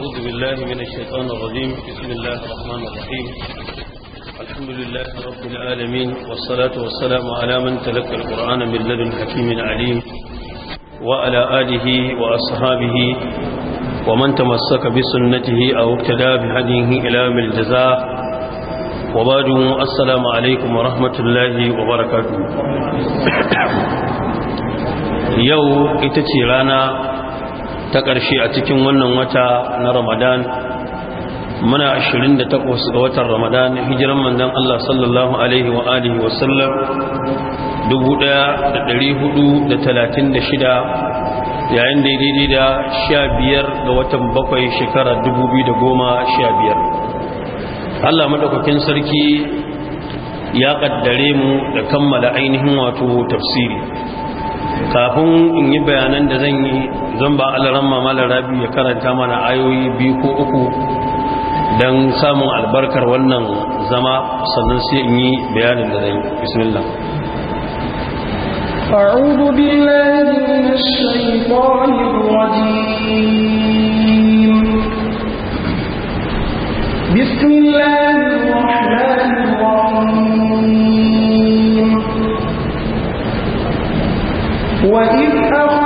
أعوذ بالله من الشيطان الرجيم بسم الله الرحمن الرحيم الحمد لله رب العالمين والصلاة والسلام على من تلقى القرآن من لدن حكيم عليم وعلى آله وأصحابه ومن تمسك بسنته أو اقتدى بهديه إلى من الجزاء وبعد السلام عليكم ورحمة الله وبركاته يوم اتتي رانا ta ƙarshe a cikin wannan wata na ramadan muna 28 ga watan ramadan hijiran manzon Allah sallallahu alaihi wa alihi wa sallam 1436 yayin da daidai da 15 ga watan bakwai shekara 2015 Allah maɗaukakin sarki ya ƙaddare mu da kammala ainihin wato tafsiri kafin in yi bayanan da zan yi zan ba alaran mamalar rabi ya karanta mana ayoyi biyu ko uku don samun albarkar wannan zama sannan sai in yi bayanin da zan yi bismillah أعوذ بالله من الشيطان الرجيم بسم الله الرحمن الرحيم وإذ أخذ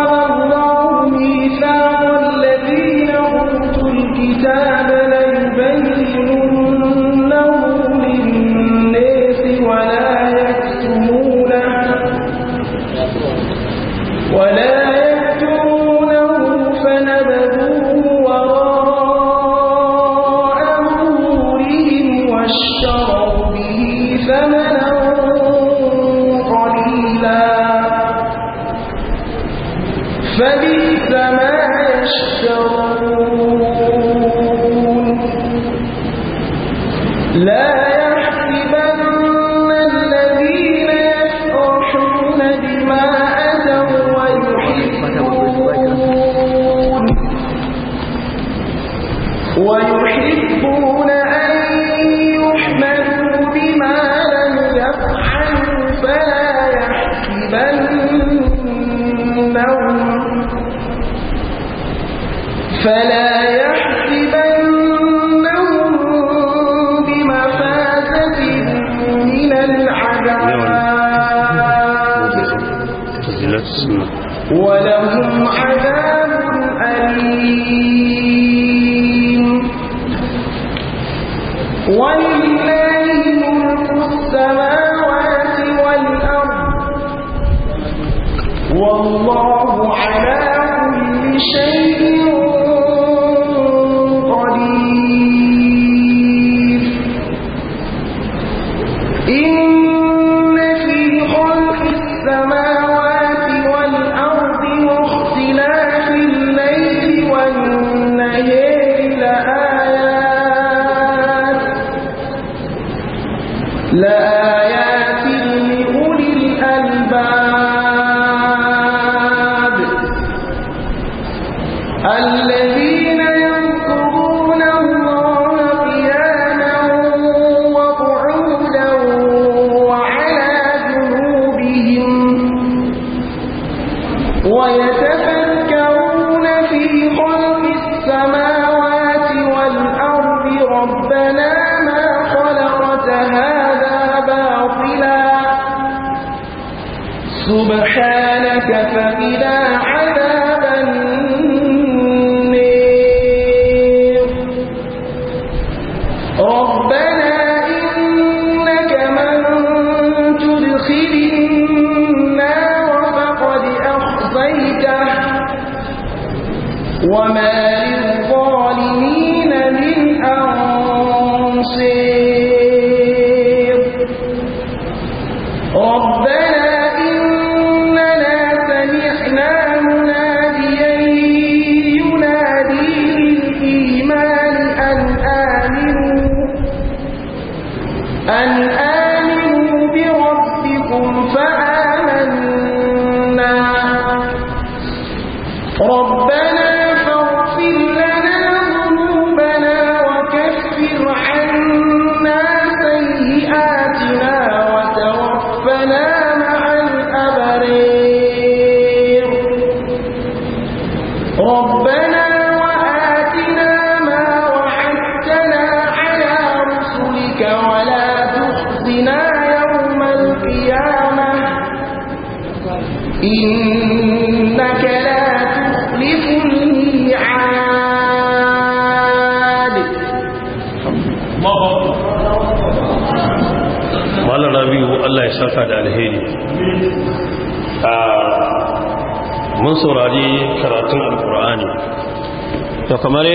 يحبون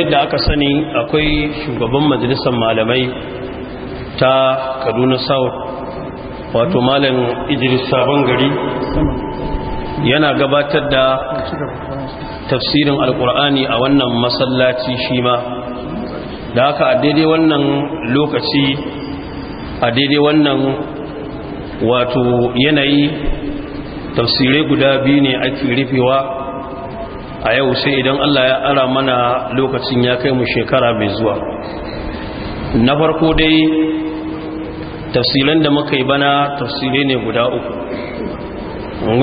yadda aka sani akwai shugaban majalisar malamai ta kaduna south wato malam idris sabon gari yana gabatar da tafsirin alkur'ani a wannan masallaci shi ma da aka a daidai wannan lokaci a daidai wannan wato yanayi tafsirai guda biyu ne ake rufewa a yau sai idan Allah ya ara mana lokacin ya kai mu shekara mai zuwa na farko dai tafsilan da muka yi bana tafsiri ne guda uku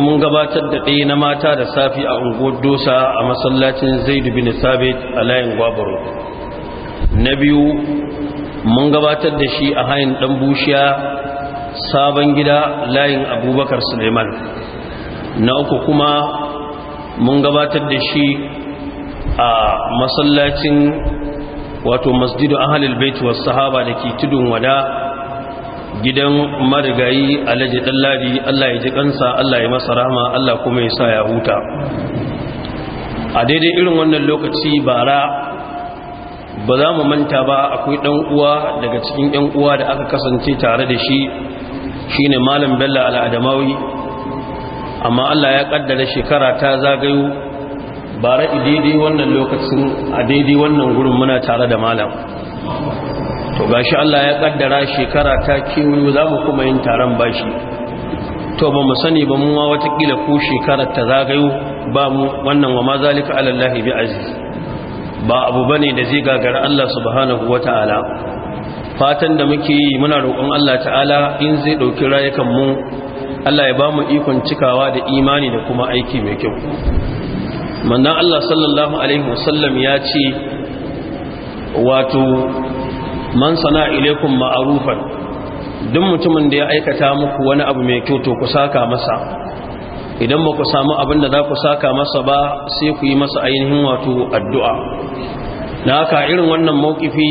mun gabatar da ɗaya na mata da safi a unguwar dosa a masallacin zaidu bin sabit a layin gwabaro na biyu mun gabatar da shi a hayin ɗan bushiya sabon gida layin abubakar suleiman na uku kuma mun gabatar da shi a masallacin wato masjidu ahalil Baituwar was sahaba da ke tudun wada gidan marigayi alhaji dallari Allah ya ji kansa Allah ya masa rahama Allah kuma ya sa ya huta a daidai irin wannan lokaci bara ba za mu manta ba akwai ɗan uwa daga cikin yan uwa da aka kasance tare da shi shine malam bello al-adamawi amma Allah ya kaddara shekara ta zagayo bara daidai wannan lokacin a daidai wannan gurin muna tare da malam to gashi Allah ya kaddara shekara ta kiwo za mu kuma yin taron bashi to ba mu sani ba mu watakila ko shekarar ta zagayo ba mu wannan wa ma zalika alallahi bi aziz ba abu bane da zai gagara Allah subhanahu wataala fatan da muke yi muna roƙon Allah ta'ala in zai dauki rayukan mu Allah ya ba mu ikon cikawa da imani da kuma aiki mai kyau mannan Allah sallallahu alaihi wasallam ya ce wato man sana ilaikum ma'arufan duk mutumin da ya aikata muku wani abu mai kyau to ku saka masa idan ba ku samu abin da za ku saka masa ba sai ku yi masa ainihin wato addu'a na haka irin wannan mawkifi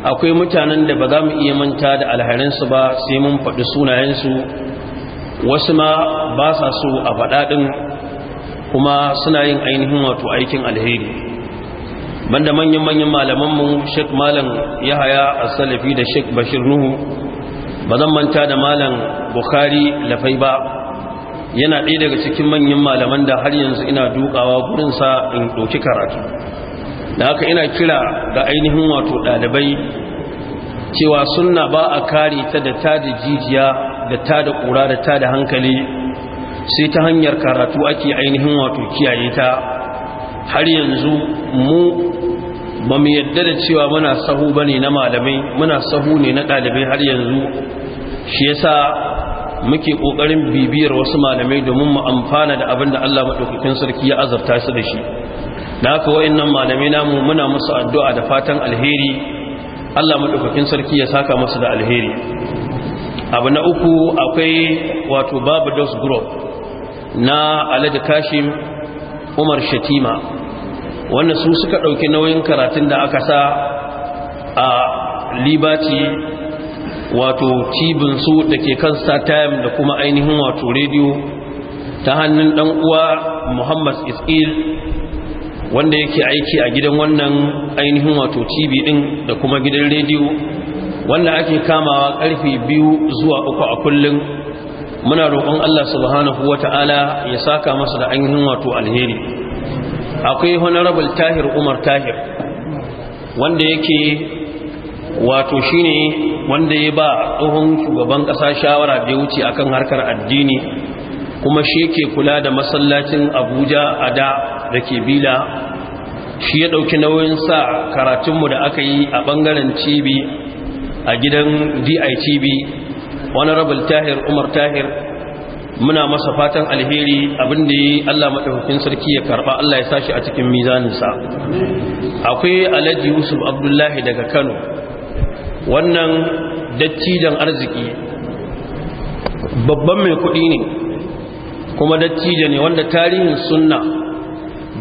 akwai mutanen da ba za mu iya manta da alharinsu ba sai mun faɗi sunayensu wasu ma ba sa so a faɗaɗin kuma suna yin ainihin wato aikin alheri banda manyan-manyan malamanmu sheik malam yahaya a salafi da sheik bashir nuhu ba zan manta da malam bukhari lafai ba yana ɗaya daga cikin manyan malaman da har yanzu ina dukawa gurinsa in ɗauki karatu da haka ina kira ga ainihin wato ɗalibai cewa suna ba a kare ta da ta da jijiya da ta da ƙura da ta da hankali sai ta hanyar karatu ake ainihin wato kiyaye ta har yanzu mu ba mu yadda da cewa muna sahu ba ne na malamai muna sahu ne na ɗalibai har yanzu shi yasa muke ƙoƙarin bibiyar wasu malamai domin mu amfana da abin da Allah maɗaukakin sarki ya azarta su da shi da haka nan malamai namu muna musu addu'a da fatan alheri Allah maɗaukakin sarki ya saka musu da alheri abu na uku akwai wato babu dos group na alhaji kashim umar shatima wannan su suka ɗauki nauyin karatun da aka sa a libaci wato cibin su da ke kan time da kuma ainihin wato rediyo ta hannun ɗan uwa muhammad iskil wanda yake aiki a gidan wannan ainihin wato cibi ɗin da kuma gidan rediyo wanda ake kamawa karfe biyu zuwa uku a kullum muna roƙon Allah subhanahu ta'ala ya saka masa da ainihin wato alheri akwai honorable tahir umar tahir wanda yake wato shine wanda ya ba tsohon shugaban ƙasa shawara da ya wuce akan harkar addini kuma shi ke kula da masallacin abuja a da da ke bila shi ya ɗauki nauyin sa karatunmu da aka yi a ɓangaren cibi a gidan DITB honorable tahir umar tahir muna masa fatan alheri abinda yi Allah maɗaukakin sarki ya karɓa Allah ya sashi a cikin mizaninsa akwai alhaji yusuf abdullahi daga kano wannan dattijan arziki babban mai kuɗi ne kuma dattijan ne wanda tarihin sunna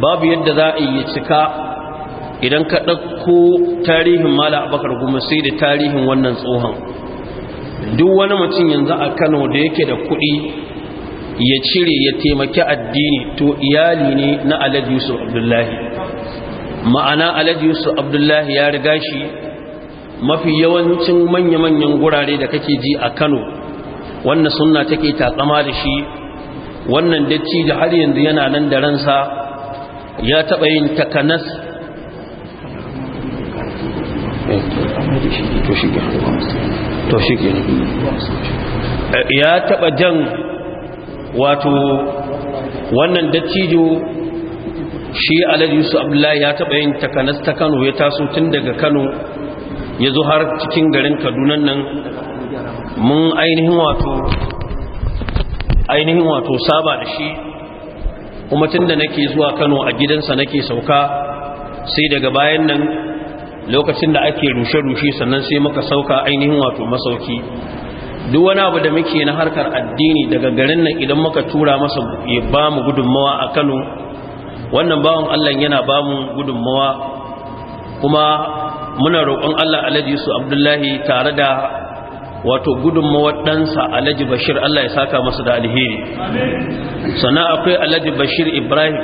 babu yadda za a yi cika idan ka ɗauko tarihin mala abakar goma sai da tarihin wannan tsohon duk wani mutum yanzu a kano da yake da kuɗi ya cire ya taimaki addini to iyali ne na alhaji yusuf abdullahi ma'ana alhaji yusuf abdullahi ya riga shi mafi yawancin manya-manyan gurare da kake ji a kano wannan suna take takama da shi wannan datti da har yanzu yana nan da ransa ya taɓa yin takanas ya taba jan wato wannan dattijo shi alhaji yusuf abdullahi ya taba yin takanas ta kano ya taso tun daga kano ya zo har cikin garin kaduna nan mun ainihin wato ainihin wato saba da shi kuma tun da nake zuwa kano a gidansa nake sauka sai daga bayan nan lokacin da ake rushe-rushe sannan sai muka sauka ainihin wato masauki duk wani abu da muke na harkar addini daga garin nan idan muka tura masa ya ba mu gudunmawa a kano wannan bawan allah yana ba mu gudunmawa kuma muna roƙon allah alhaji su abdullahi tare da wato gudunmawar ɗansa alhaji bashir allah ya saka masa da alheri sannan akwai alhaji bashir ibrahim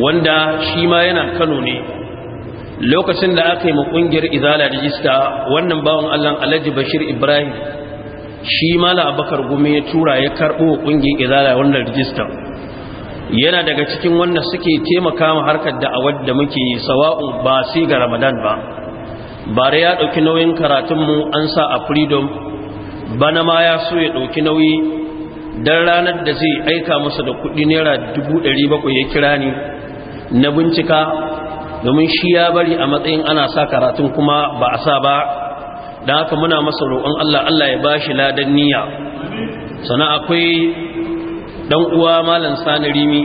wanda shi ma yana kano ne lokacin da aka yi ma ƙungiyar izala rijista wannan bawan allon alhaji bashir ibrahim shi mala abakar gumi ya tura ya karɓo ƙungiyar izala wannan rijista yana daga cikin wannan suke taimaka ma harkar da'awar da muke sawa'u ba sai ga ramadan ba bare ya ɗauki nauyin karatunmu an sa a freedom bana ma ya so ya ɗauki nauyi don ranar da zai aika masa da kuɗi naira dubu ɗari bakwai ya kira ni na bincika domin shi ya bari a matsayin ana sa karatun kuma ba a sa ba don haka muna masa roƙon Allah Allah ya bashi ladan niyya sana akwai dan uwa malam sani rimi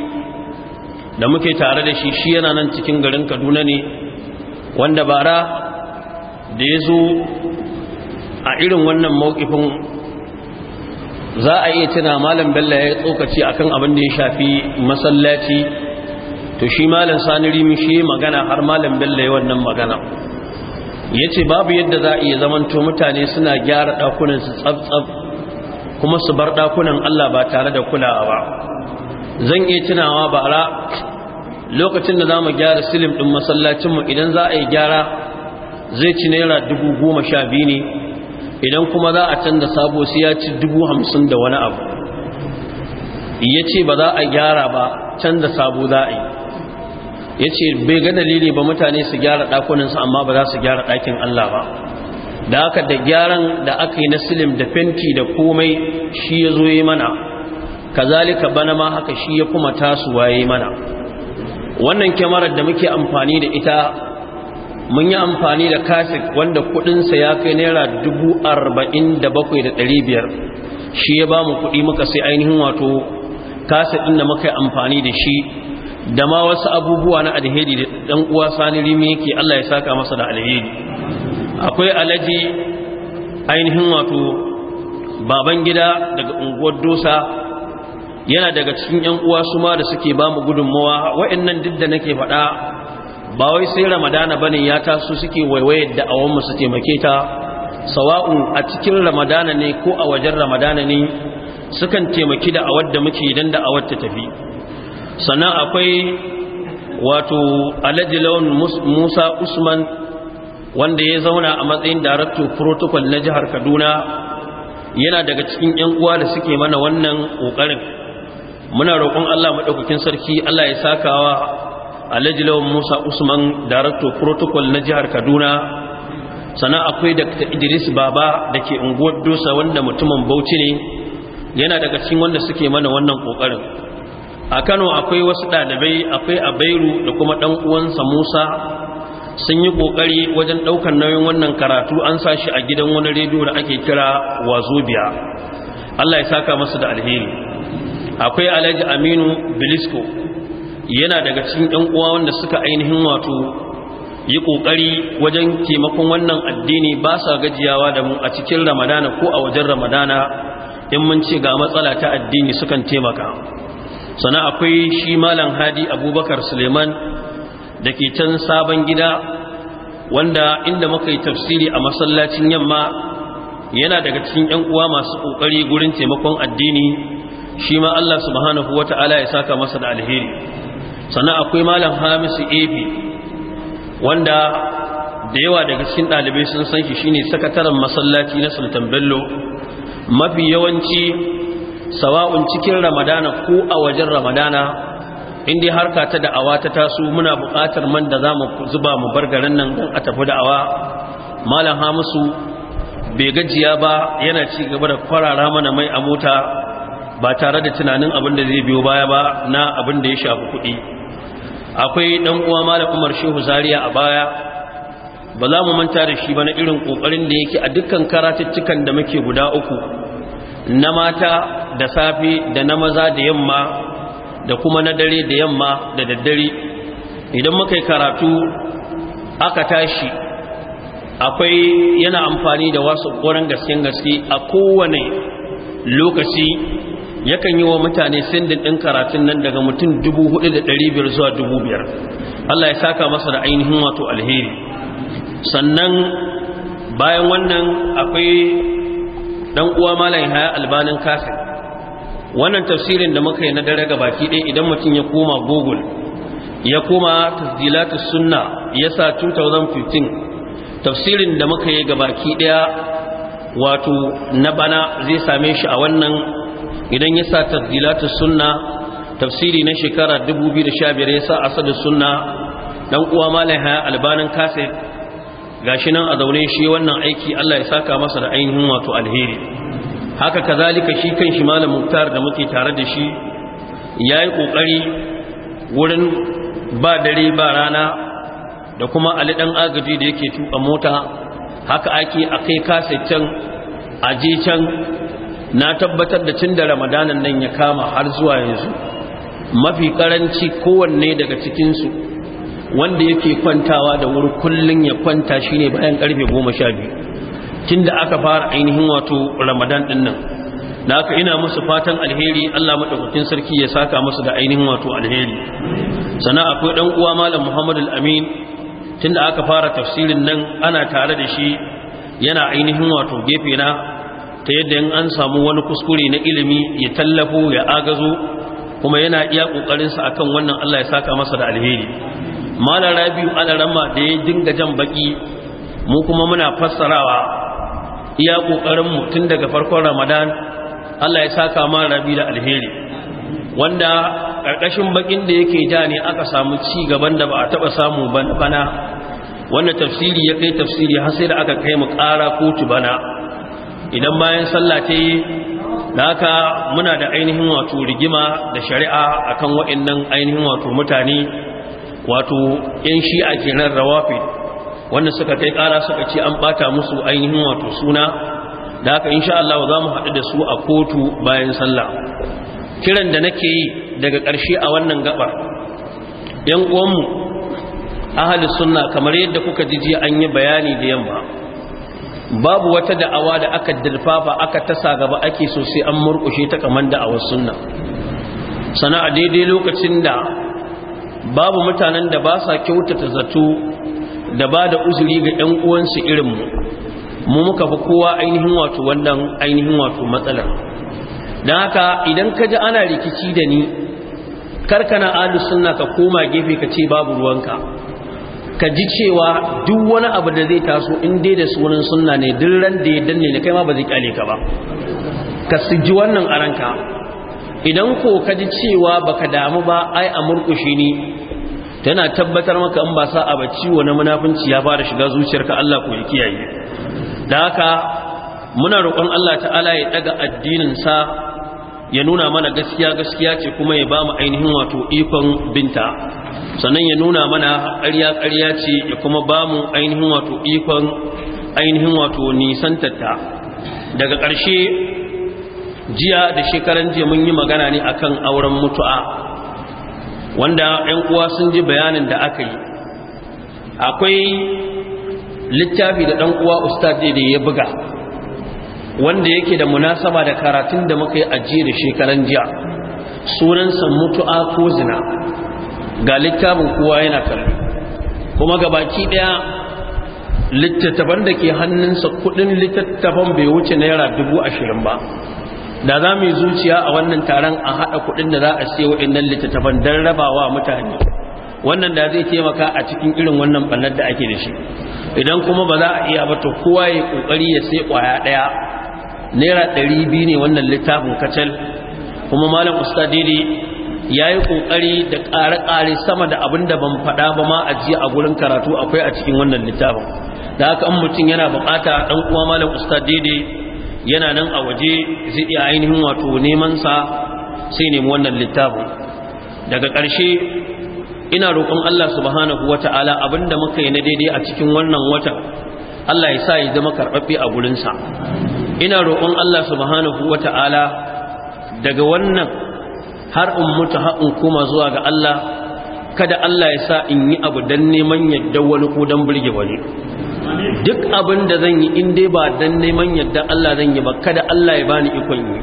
da muke tare da shi shi yana nan cikin garin kaduna ne wanda bara da yazo a irin wannan mawkifin za a iya tuna malam bello ya tsokaci akan abin da ya shafi masallaci to shi malam sani rimi shi magana har malam bello yi wannan magana ya ce babu yadda za a iya zamanto mutane suna gyara ɗakunan su tsabtsab kuma su bar ɗakunan allah ba tare da kulawa ba zan iya tunawa bara lokacin da za mu gyara silim ɗin masallacinmu idan za a yi gyara zai ci naira dubu goma sha biyu ne idan kuma za a canza sabo sai ya ci dubu hamsin da wani abu ya ce ba za a gyara ba canza sabo za a yi ya ce bai ga dalili ba mutane su gyara ɗakuninsu amma ba za su gyara ɗakin Allah ba da aka da gyaran da aka yi na silim da fenti da komai shi ya zo yi mana kazalika bana ma haka shi ya kuma tasuwa yi mana wannan kyamarar da muke amfani da ita mun yi amfani da kasik wanda kudinsa ya kai naira dubu arba'in da bakwai da ɗari biyar shi ya ba mu kuɗi muka sai ainihin wato kasik ɗin da muka yi amfani da shi da ma wasu abubuwa na alheri da dan uwa sani rimi yake Allah ya saka masa da alheri akwai alaji ainihin wato baban gida daga unguwar dosa yana daga cikin yan uwa su ma da suke ba mu gudunmawa wa'annan duk da nake faɗa ba wai sai ramadana bane ya taso suke waiwaye da awon mu suke taimake ta Sawa'u a cikin ramadana ne ko a wajen ramadana ne sukan taimaki da awar da muke idan da awar ta tafi sannan akwai wato alhaji lawan musa usman wanda ya zauna a matsayin darakto protocol na jihar kaduna yana daga cikin 'yan uwa da suke mana wannan ƙoƙarin muna roƙon allah maɗaukakin sarki allah ya sakawa alhaji lawan musa usman darakto protocol na jihar kaduna sannan akwai dr idris baba da ke unguwar dosa wanda mutumin bauchi ne yana daga cikin wanda suke mana wannan ƙoƙarin a kano akwai wasu ɗalibai akwai a bairu da kuma ɗan uwansa musa sun yi ƙoƙari wajen ɗaukar nauyin wannan karatu an sa shi a gidan wani rediyo da ake kira wazobiya allah ya saka masu da alheri akwai alhaji aminu bilisko yana daga cikin ɗan uwa wanda suka ainihin wato yi ƙoƙari wajen taimakon wannan addini ba sa gajiyawa da mu a cikin ramadana ko a wajen ramadana in mun ce ga matsala ta addini sukan taimaka sana akwai shi malam hadi abubakar suleiman da ke can sabon gida wanda inda muka yi tafsiri a masallacin yamma yana daga cikin 'yan uwa masu ƙoƙari gurin taimakon addini shi ma Allah subhanahu wa ta'ala ya saka masa da alheri sana akwai malam hamisu ebe wanda da yawa daga cikin ɗalibai sun san shi shine sakataren masallaci na sultan bello mafi yawanci sawa'un cikin ramadana ko a wajen ramadana inda harka ta da'awa ta taso muna buƙatar man da za mu zuba mu bar garin nan don a tafi da'awa malam hamisu bai gajiya ba yana ci gaba da kwarara mana mai a mota ba tare da tunanin abin da zai biyo baya ba na abin da ya shafi kuɗi akwai ɗan uwa malam umar shehu zaria a baya ba za mu manta da shi ba na irin ƙoƙarin da yake a dukkan karatuttukan da muke guda uku na mata da safe da na maza da yamma da kuma na dare da yamma da daddare idan muka yi karatu aka tashi akwai yana amfani da wasu ƙoran gasken gaske a kowane lokaci yakan yi wa mutane sindin ɗin karatun nan daga mutum biyar zuwa biyar. Allah ya saka masa da ainihin wato alheri sannan bayan wannan akwai ɗan uwa malayin haya albanin kafin wannan tafsirin da muka yi na dare baki ɗaya idan mutum ya koma google ya koma tasdilatus sunna ya sa 2015 tafsirin da muka yi baki ɗaya wato na bana zai same shi a wannan idan ya sa tasdilatus sunna tafsiri na shekara 2015 ya sa asadu sunna dan uwa Haya albanin kaset gashi nan a zaune shi wannan aiki Allah ya saka masa da ainihin wato alheri haka kazalika shi kan shi malam muktar da muke tare da shi yayi yi wurin ba dare ba rana da kuma alidan agaji da yake tuka mota haka ake a kai kasaccen aje can na tabbatar da cin da ramadanan nan ya kama har zuwa yanzu mafi karanci kowanne daga cikinsu wanda yake kwantawa da wuri kullum ya kwanta shine bayan karfe goma sha biyu tun da aka fara ainihin wato ramadan din nan da aka ina musu fatan alheri allah maɗaukakin sarki ya saka musu da ainihin wato alheri sana akwai ɗan uwa malam muhammad al-amin tunda aka fara tafsirin nan ana tare da shi yana ainihin wato gefe na ta yadda in an samu wani kuskure na ilimi ya tallafo ya agazo kuma yana iya ƙoƙarinsa akan wannan allah ya saka masa da alheri malam rabiu alarama da ya dinga jan baki mu kuma muna fassarawa iya kokarin mu tun daga farkon Ramadan Allah ya saka ma rabi da alheri wanda karkashin bakin da yake ja ne aka samu ci gaban da ba a taɓa samu bana wanda tafsiri ya kai tafsiri har sai da aka kai mu ƙara kotu bana idan bayan sallah ta yi da muna da ainihin wato rigima da shari'a akan waɗannan ainihin wato mutane wato 'yan shi shi'a kenan rawafi wanda suka kai ƙara suka ce an bata musu ainihin wato suna da haka insha Allah za mu haɗu da su a kotu bayan sallah kiran da nake yi daga ƙarshe a wannan gabar yan uwanmu ahli sunna kamar yadda kuka ji jiya an yi bayani da yamma babu wata da'awa da aka dalfafa aka tasa gaba ake so sai an murƙushe ta kamar da'awar sunna sana'a daidai lokacin da babu mutanen da ba sa kyautata zato da ba da uzuri ga 'yan uwansu irinmu mu muka fi kowa ainihin wato wannan ainihin wato matsalar don haka idan ka ji ana rikici da ni karkana alu suna ka koma gefe ka ce babu ruwanka ka ji cewa duk wani abu da zai taso in dai da sunan suna ne duk ran da ya danne ne kai ma ba zai kyale ka ba ka su ji wannan a ranka idan ko ka ji cewa baka damu ba ai a murkushi ni. tana tabbatar maka in ba sa'a ba ciwo na munafunci ya fara shiga zuciyarka Allah ko ya kiyaye da haka muna roƙon Allah ta'ala ya daga addinin sa ya nuna mana gaskiya gaskiya ce kuma ya ba mu ainihin wato ikon binta sannan ya nuna mana ƙarya ƙarya ce ya kuma ba mu ainihin wato ikon ainihin wato daga ƙarshe jiya da shekaran jiya mun yi magana ne akan auren mutu'a wanda ‘yan uwa sun ji bayanin da aka yi akwai littafi da ɗan uwa ustad da ya buga wanda yake da munasaba da karatun da muka yi ajiye da shekaran jiya sunansa mutu'a ko zina ga littafin kowa yana kallo kuma ga baki ɗaya littattafan da ke hannunsa kudin littattafan bai wuce naira dubu ashirin ba da za mu yi zuciya a wannan taron a haɗa kuɗin da za a siya waɗannan littattafan don rabawa mutane wannan da zai taimaka a cikin irin wannan ɓannar da ake da shi idan kuma ba za a iya bata kowa ya ƙoƙari ya sai ƙwaya ɗaya naira ɗari biyu ne wannan littafin kacal kuma malam ustadidi ya yi ƙoƙari da ƙare-ƙare sama da abin da ban faɗa ba ma a jiya a gurin karatu akwai a cikin wannan littafin da haka mutum yana buƙata ɗan uwa malam ustadidi yana nan a waje zai iya ainihin wato nemansa sa sai nemi wannan littafin daga ƙarshe ina roƙon Allah subhanahu wata'ala abinda muka yi na daidai a cikin wannan watan Allah ya sa ya zama karɓaɓɓe a gurinsa ina roƙon Allah subhanahu wata'ala daga wannan har in mutu har in koma zuwa ga Allah kada Allah ya sa in yi abu dan neman yadda wani ko dan burge wani duk abin da zan yi in dai ba dan neman yadda Allah zan yi ba kada Allah ya bani ikon yi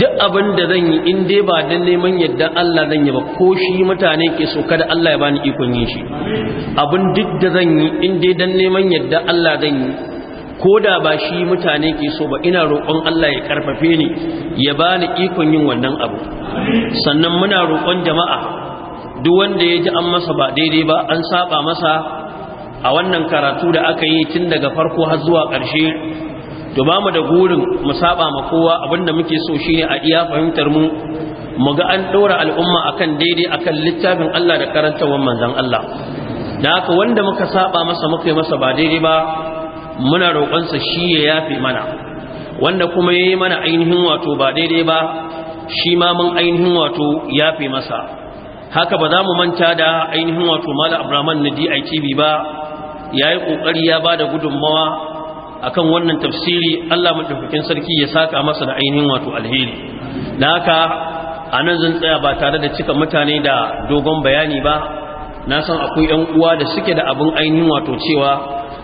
duk abin da zan yi in dai ba dan neman yadda Allah zan yi ba ko shi mutane ke so kada Allah ya bani ikon yin shi abin duk da zan yi in dai dan neman yadda Allah zan yi ko da ba shi mutane ke so ba ina roƙon Allah ya karfafe ni ya bani ikon yin wannan abu sannan muna roƙon jama'a duk wanda ya ji an masa ba daidai ba an saba masa a wannan karatu da aka yi tun daga farko har zuwa ƙarshe to ba mu da gurin mu saba ma kowa abinda muke so shine a iya fahimtar mu mu ga an ɗora al'umma akan daidai akan littafin Allah da karantawar manzon Allah da haka wanda muka saba masa muka yi masa ba daidai ba muna roƙonsa shi ya yafe mana wanda kuma yayi mana ainihin wato ba daidai ba shi ma mun ainihin wato yafe masa haka ba za mu manta da ainihin wato mala abraman na DITV ba ya yi ƙoƙari ya ba da gudunmawa kan wannan tafsiri Allah maɗaukakin sarki ya saka masa da ainihin wato alheri da haka a nan zan tsaya ba tare da cika mutane da dogon bayani ba na san akwai 'yan uwa da suke da abin ainihin wato cewa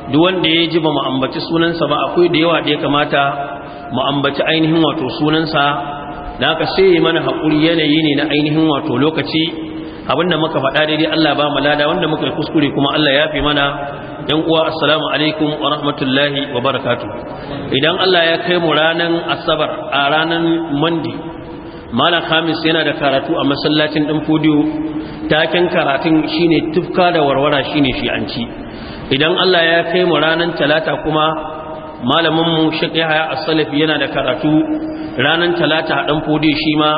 duk wanda ya ji ba mu ambaci sunansa ba akwai da yawa da ya kamata mu ambaci ainihin wato sunansa da haka sai ya mana haƙuri yanayi ne na ainihin wato lokaci abinda muka faɗa daidai Allah ba mu lada wanda muka yi kuskure kuma Allah ya fi mana yan uwa assalamu alaikum wa rahmatullahi wa barakatu idan Allah ya kai mu ranan asabar a ranan mandi malam khamis yana da karatu a masallacin din fodiyo taken karatun shine tufka da warwara shine shi'anci idan Allah ya kai mu ranan talata kuma malamin mu shaqiha ya as-salafi yana da karatu ranan talata a dan fodiyo shi ma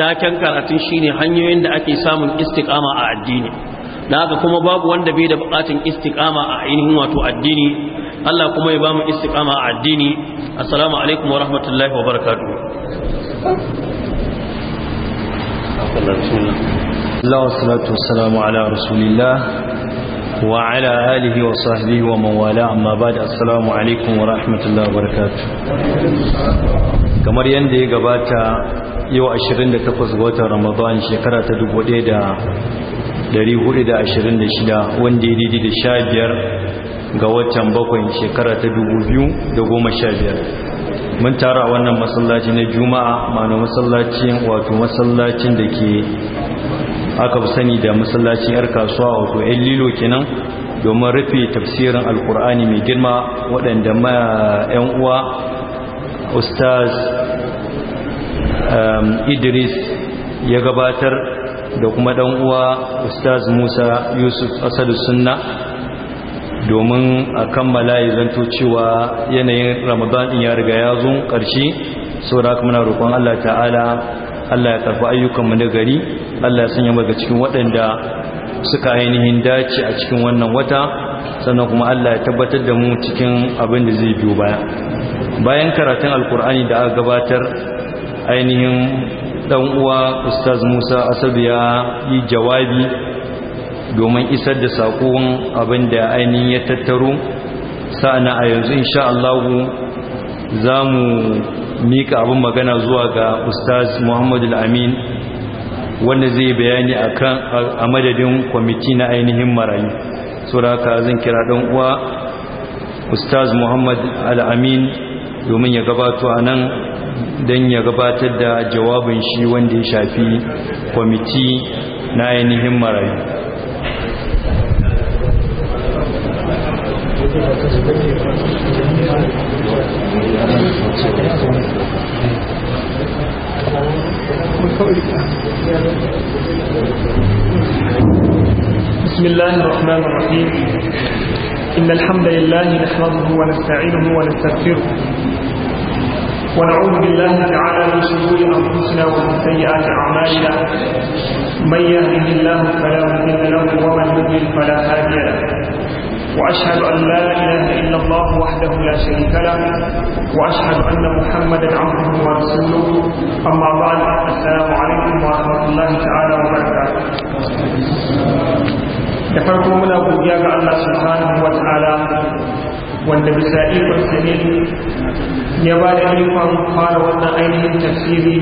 taken karatun shine hanyoyin da ake samun istiqama a addini da haka kuma babu wanda bai da bukatun istiqama a ainihin wato addini Allah kuma ya bamu istiqama a addini assalamu alaikum wa rahmatullahi wa barakatuh Allah wassalatu wassalamu ala rasulillah wa ala alihi wa sahbihi wa man wala amma ba'd assalamu alaikum wa rahmatullahi wa barakatuh kamar yanda ya gabata yau 28 ga watan Ramadan shekara ta 1400 426 wanda ya daidai da sha biyar ga watan bakwai shekara ta 2015 mun tara wannan masallaci na juma'a ma'ana masallacin wato masallacin da ke aka sani da masallacin yar kasuwa wato yan lilo kenan domin rufe tafsirin alkur'ani mai girma waɗanda ma 'yan uwa ustaz um, idris ya gabatar da kuma ɗan uwa ustaz Musa Yusuf Asadu Sunna domin a kammala ya zanto cewa yanayin Ramadan ya riga ya zo ƙarshe saboda haka muna roƙon Allah ta'ala Allah ya ayyukan ayyukanmu na gari Allah ya sanya mu cikin waɗanda suka ainihin dace a cikin wannan wata sannan kuma Allah ya tabbatar da mu cikin abin da zai biyo baya bayan karatun alkur'ani da aka gabatar ainihin dan uwa ustaz Musa Asadu ya yi jawabi domin isar da sakon abin da ainihin ya tattaro sa'ana a yanzu insha Allah za mu mika abin magana zuwa ga ustaz Muhammad Al-Amin wanda zai bayani akan a madadin kwamiti na ainihin marayu saboda zan kira dan uwa ustaz Muhammad Al-Amin domin ya gabato a nan don ya gabatar da jawabin shi wanda ya shafi kwamiti na ainihin marayu بسم الله الرحمن الرحيم إن الحمد لله نحمده ونستعينه ونستغفره ونعوذ بالله تعالى من شرور أنفسنا ومن سيئات أعمالنا من يهده الله فلا مضل له ومن يضلل فلا هادي له وأشهد أن لا إله إلا الله وحده لا شريك له وأشهد أن محمدا عبده ورسوله أما بعد السلام عليكم ورحمة الله تعالى وبركاته da farko muna godiya ga Allah subhanahu wa ta'ala wanda bisa ikon ne ya ba da ikon fara wannan ainihin tafsiri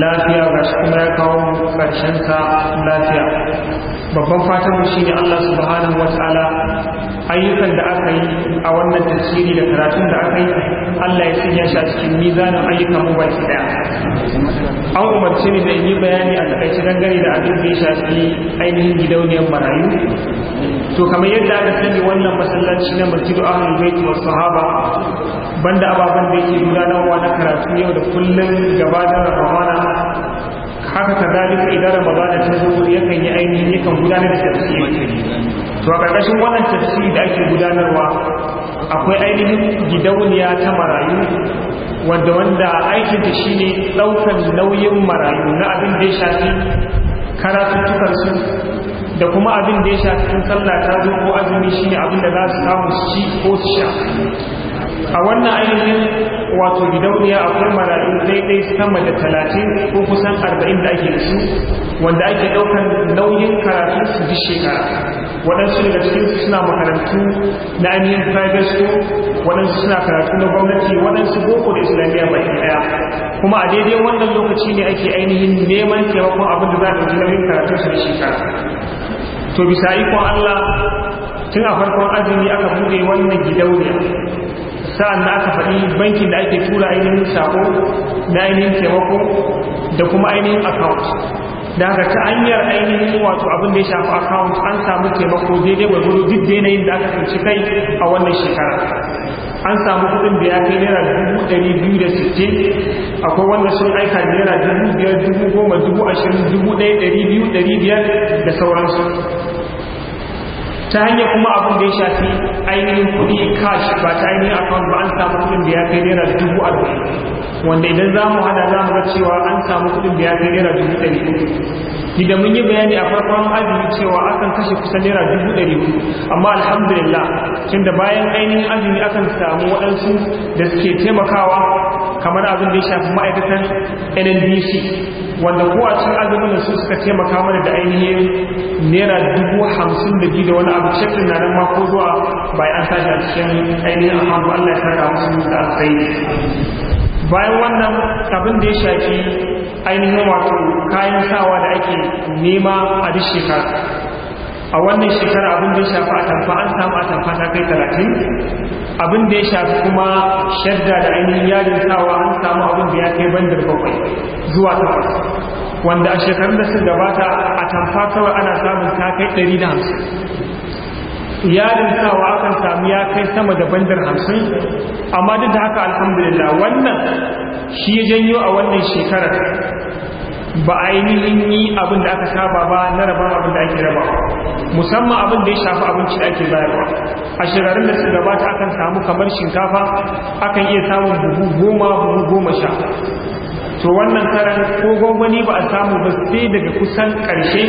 lafiya ga shi kuma ya kawo sa lafiya babban fatanmu shi ne allah subhanahu wata'ala ayyukan da aka yi a wannan tafsiri da karatun da aka yi allah ya sanya shi a cikin mizanin ayyukan mu baki daya an umarci ni da yi bayani a takaice dangane da abin da ya shafi ainihin gidauniyar marayu to kamar yadda aka sani wannan masallaci na masjidu ahlul bait wa sahaba banda ababen da yake gudanarwa na karatu yau da kullum gabatar ramadana haka kadalika idan ramadana ta zo yakan yi ainihin yakan gudanar da tafsiri to a ƙarƙashin wannan tafsiri da ake gudanarwa akwai ainihin gidauniya ta marayu wanda wanda aikin ta ne daukan nauyin marayu na abin da ya shafi karatuttukan su da kuma abin da ya shafi in sallah ta zo ko azumi shi ne abin da za su samu shi ko su sha a wannan ainihin wato gidauniya akwai marayu daidai sama da talatin ko kusan arba'in da ake da su wanda ake ɗaukar nauyin karatu su ji shekara waɗansu daga cikin suna makarantu na ainihin private school waɗansu suna karatu na gwamnati waɗansu boko da islamiya baki daya kuma a daidai wannan lokaci ne ake ainihin neman taimakon abin da za a yi nauyin karatun su da shekara to bisa ikon allah tun a farkon azumi aka buɗe wannan gidauniya sa'an da aka faɗi bankin da ake tura ainihin sako na ainihin taimako da kuma ainihin account da haka ta hanyar ainihin wato abin da ya shafi account an samu taimako daidai gudu duk da yanayin da aka tsinci kai a wannan shekara an samu kuɗin da ya kai naira dubu akwai wanda sun aika naira dubu sauransu ta hanyar kuma abin da ya shafi ainihin kuɗi ba ta ainihin ba an idan za hada za ga cewa an samu kuɗin ni mun yi bayani a farkon azumi cewa akan kashe kusan naira dubu ɗari amma alhamdulillah tunda bayan ainihin azumi akan samu waɗansu da suke taimakawa kamar abin da ya shafi ma'aikatan nnbc wanda ko a cin azumin da su suka taimaka mana da ainihin naira dubu hamsin da biyu da wani abu shekin na nan mako zuwa bayan an tashi a cikin ainihin amma allah ya saka musu da alkhairi bayan wannan abin da ya shafi ainihin wato kayan sawa da ake nema a duk shekara a wannan shekara abin da ya shafi atamfa an samu atamfa ta kai talatin abin da ya shafi kuma shadda da ainihin yajin sawa an samu abin da ya kai bandar bakwai zuwa takwas wanda a shekarun da suka gabata atamfa kawai ana samun ta kai ɗari da hamsin yarin sawa akan samu kai sama da bandar hamsin amma duk da haka alhamdulillah wannan shi ya janyo a wannan shekarar ba ainihin yi abin da aka saba ba na raba abin da ake raba musamman abin da ya shafi abinci da ake bayarwa a shekarun da su gabata akan samu kamar shinkafa akan iya samun buhu goma buhu goma sha to wannan karan ko gwangwani ba a samu ba sai daga kusan ƙarshe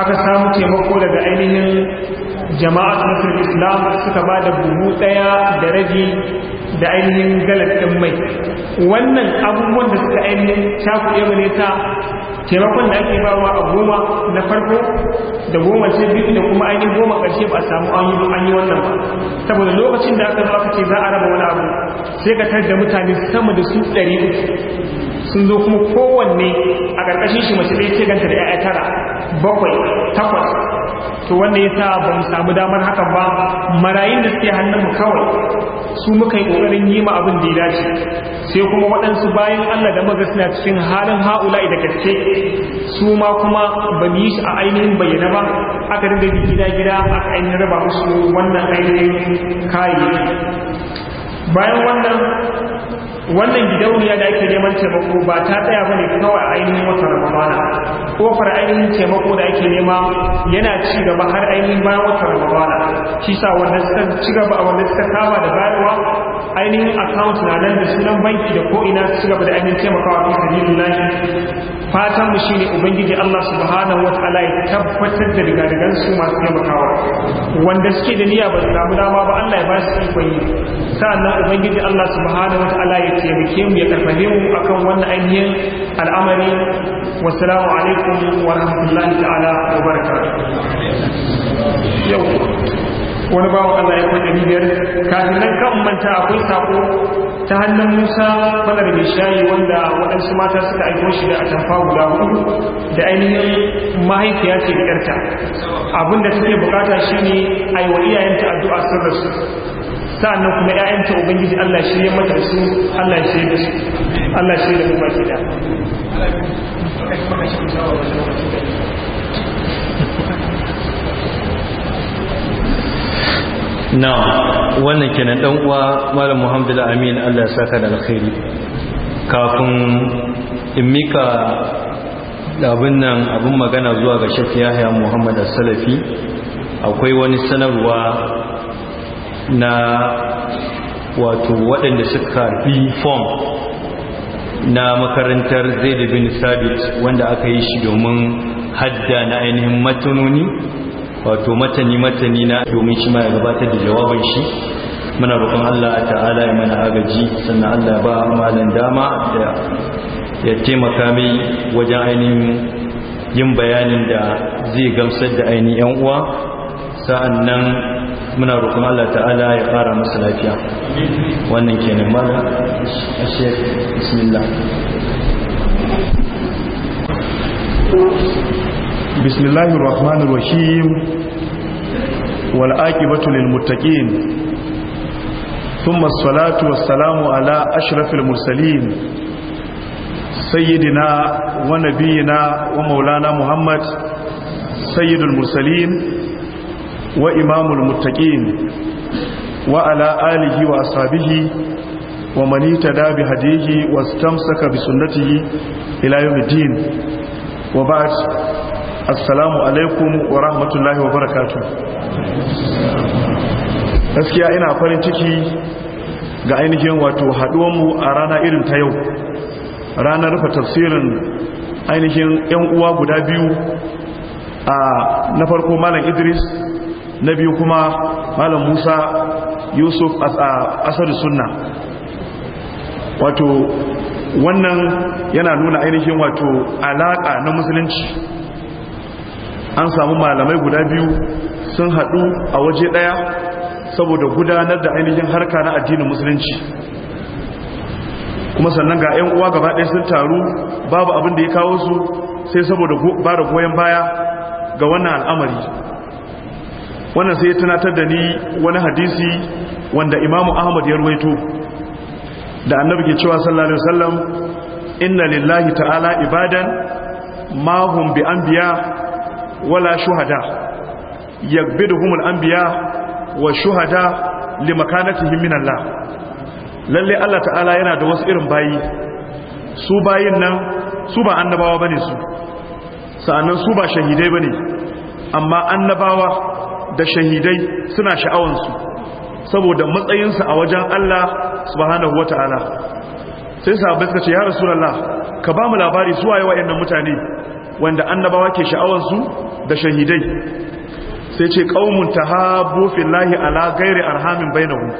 aka samu taimako daga ainihin jama'at nufin islam suka ba da buhu ɗaya da raji da ainihin ɗin mai wannan abubuwan da suka ainihin ya mune ta taimakon da ake bawa a goma na farko da goma ce biyu da kuma ainihin goma ƙarshe ba a samu an yi wannan ba saboda lokacin da aka zo ce za a raba wani abu sai ka tar da mutane sama da su ɗari sun zo kuma kowanne a ƙarƙashin shi mace ɗaya ce ganta da 'ya'ya tara bakwai takwas to wanda ya sa ba mu samu damar hakan ba marayun da suke mu kawai su muka yi ƙoƙarin yi ma abin da ya dace sai kuma waɗansu bayan Allah da maza suna cikin halin ha'ula da gaske su ma kuma ba mu yi shi a ainihin bayyana ba aka dinga bi gida gida aka ainihin raba musu wannan ainihin kayayyaki bayan wannan wannan gidauniya da ake neman taimako ba ta tsaya ba ne kawai a ainihin watan ramadana kofar ainihin taimako da ake nema yana ci gaba har ainihin bayan watan ramadana shi sa wanda suka ci gaba wanda suka kama da bayarwa ainihin account na nan da sunan banki da ko ina su gaba da ainihin taimakawa fi sabilillahi fatan mu shine ubangiji Allah subhanahu wataala ya tabbatar da rigadagan su masu taimakawa wanda suke da niyya ba su samu dama ba Allah ya ba su ikon yi sannan ubangiji Allah subhanahu wataala ya taimake mu ya karfafe mu akan wannan ainihin al'amari salamu alaikum wa rahmatullahi ta'ala wa barakatuh yau wani bawan Allah ya kai ɗari biyar kafin nan kan manta akwai sako ta hannun Musa fadar mai shayi wanda waɗansu mata suka aiko shi da atamfa guda hudu da ainihin mahaifiya ce da ƴarta abinda take bukata shine a yi wa iyayenta addu'a sun rasu sa'annan kuma ƴaƴanta ubangiji Allah shi ya mata su Allah shi ya su Allah shi ya mu baki da Na wannan kenan dan uwa malam Muhammadu Amin Allah ya saka da alkhairi kafin in mika abin nan abin magana zuwa ga shek Yahya Muhammadu Salafi akwai wani sanarwa na wato waɗanda suka bi form na makarantar Zaid bin Sabit wanda aka yi shi domin hadda na ainihin matanoni wato matani matani na domin shi ma ya gabatar da jawabin shi muna roƙon Allah ta'ala ya mana agaji sannan Allah ya ba malan dama da ya taimaka mai wajen ainihin yin bayanin da zai gamsar da ainihin yan uwa sa'an nan muna roƙon Allah ta'ala ya fara masa lafiya wannan kenan mala ashir bismillah bismillahir rahmanir rahim والآكبة للمتقين ثم الصلاة والسلام على أشرف المرسلين سيدنا ونبينا ومولانا محمد سيد المرسلين وإمام المتقين وعلى آله وأصحابه ومن اهتدى بهديه واستمسك بسنته إلى يوم الدين وبعد السلام عليكم ورحمة الله وبركاته gaskiya ina farin ciki ga ainihin wato haduwanmu a rana irin ta yau ranar rufe tafsirin ainihin 'yan uwa guda biyu a na farko malam idris na biyu kuma malam musa yusuf asar sunna wato wannan yana nuna ainihin wato alaƙa na musulunci an samu malamai guda biyu sun haɗu a waje ɗaya saboda gudanar da ainihin harka na addinin musulunci kuma sannan ga 'yan uwa gaba ɗaya sun taru babu abin da ya kawo su sai saboda ba da goyon baya ga wannan al'amari wannan sai ya tunatar da ni wani hadisi wanda imamu ahmad ya ruwaito da annabi ke cewa sallallahu alaihi inna lillahi ta'ala ibadan ma hum bi anbiya wala shuhada al anbiya wa shuhada li makanatihim min Allah lalle Allah ta'ala yana da wasu irin bayi su bayin nan su ba annabawa bane su sa'annan su ba shahidai bane amma annabawa da shahidai suna sha'awansu saboda matsayinsu a wajen Allah subhanahu wata'ala sai sahabbai suka ce ya rasulullah ka ba mu labari su waye wayannan mutane wanda annabawa ke sha'awansu da shahidai sai ce ta habu fillahi ala ghairi arhamin bainahum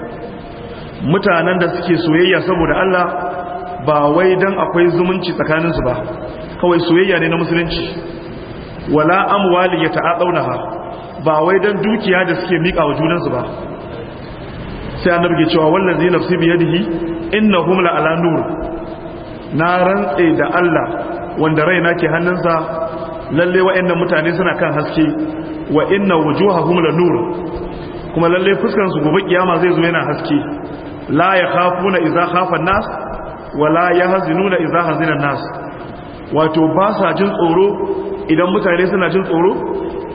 mutanen da suke soyayya saboda Allah ba wai dan akwai zumunci tsakanin su ba kawai soyayya ne na musulunci wala amwali ha ba wai dan dukiya da suke mika wa junansu ba sai an ke cewa wallazi nafsi bi yadihi innahum la ala nur na rantse da Allah wanda raina ke hannunsa lalle wa'annan mutane suna kan haske wa inna wujuhahum la nur kuma lalle fuskan su gobe kiyama zai zo yana haske la ya khafuna idza khafa an-nas wa la yahzinuna idza hazina an-nas wato ba sa jin tsoro idan mutane suna jin tsoro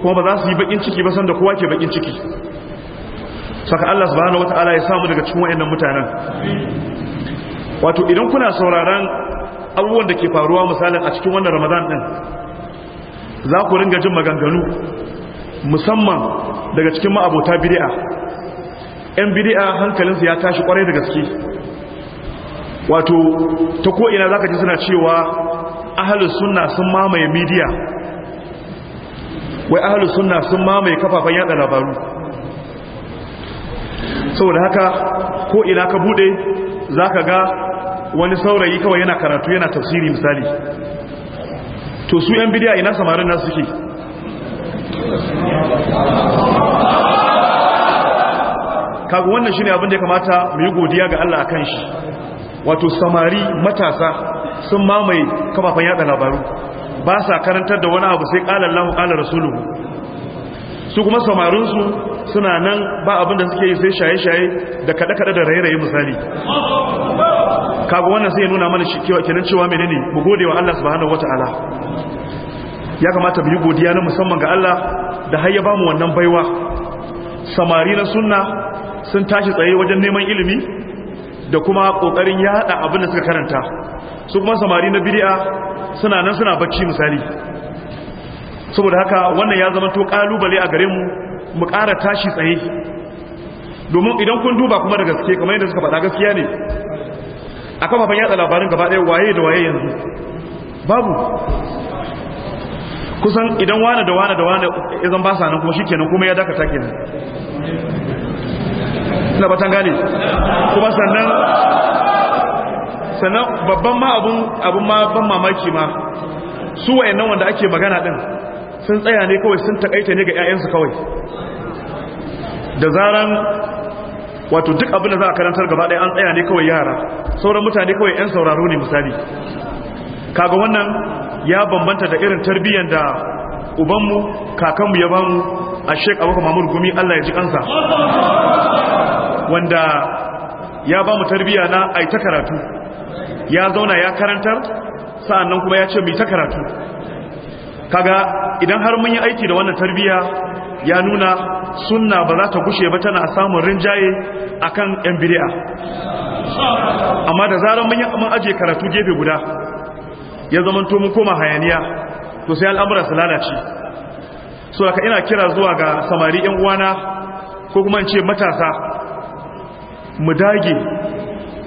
kuma ba za su yi bakin ciki ba sanda kowa ke bakin ciki saka Allah subhanahu wataala ya samu daga cikin wayannan mutanen wato idan kuna sauraron abubuwan da ke faruwa misalin a cikin wannan Ramadan din za ku ringa jin maganganu musamman daga cikin ma'abota bidi'a yan bidi'a hankalinsu ya tashi kwarai da gaske wato ta ko'ina ina ka ji suna cewa ahalus suna sun mamaye midiya wai ahalus sunna sun mamaye kafafen yada labaru saboda haka ko'ina ka bude ka ga wani saurayi kawai yana karatu yana tafsiri misali to su yan bidiya ina samarin nasu suke kagu wannan shine abin da ya kamata mu yi godiya ga Allah akan shi wato samari matasa sun mamaye kafafan yada labaru ba sa karantar da wani abu sai kalar Allahu kalar rasuluhu su kuma samarinsu suna nan ba abin da suke yi sai shaye-shaye da kada-kada da raye-raye misali kaga wannan sai ya nuna mana shi kenan cewa menene mu gode wa Allah subhanahu wataala ya kamata biyu godiya na musamman ga Allah da har ya bamu wannan baiwa samari na sunna sun tashi tsaye wajen neman ilimi da kuma kokarin yada abin da suka karanta su kuma samari na bid'a suna nan suna bacci misali saboda haka wannan ya zama to kalubale a gare mu mu ƙara tashi tsaye domin idan kun duba kuma da gaske kamar yadda suka faɗa gaskiya ne a kafafen yatsa labarin gaba ɗaya waye da waye yanzu babu kusan idan wane da wane da wane idan ba sa nan kuma shikenan kuma ya dakata kenan Na batan gane kuma sannan sannan babban ma abun abun ma ban mamaki ma su wayannan wanda ake magana din sun tsaya ne kawai sun takaita ne ga su kawai da zaran wato duk abin da za a karantar gaba ɗaya an tsaya ne kawai yara sauran mutane kawai 'yan sauraro ne misali kaga wannan ya bambanta da irin tarbiyyar da ubanmu kakanmu ya bamu a shek abubakar mamur gumi allah ya ji kansa wanda ya bamu tarbiyya na ai ta karatu ya zauna ya karantar sa'annan kuma ya ce mai ta karatu kaga idan har mun yi aiki da wannan tarbiyya ya nuna sunna ba za ta gushe ba tana samun rinjaye a kan yan biri'a. amma da zarar mun ajiye karatu gefe guda ya zamanto mun koma hayaniya to sai al'amura su lalace so haka ina kira zuwa ga samari yan uwana ko kuma in ce matasa mu dage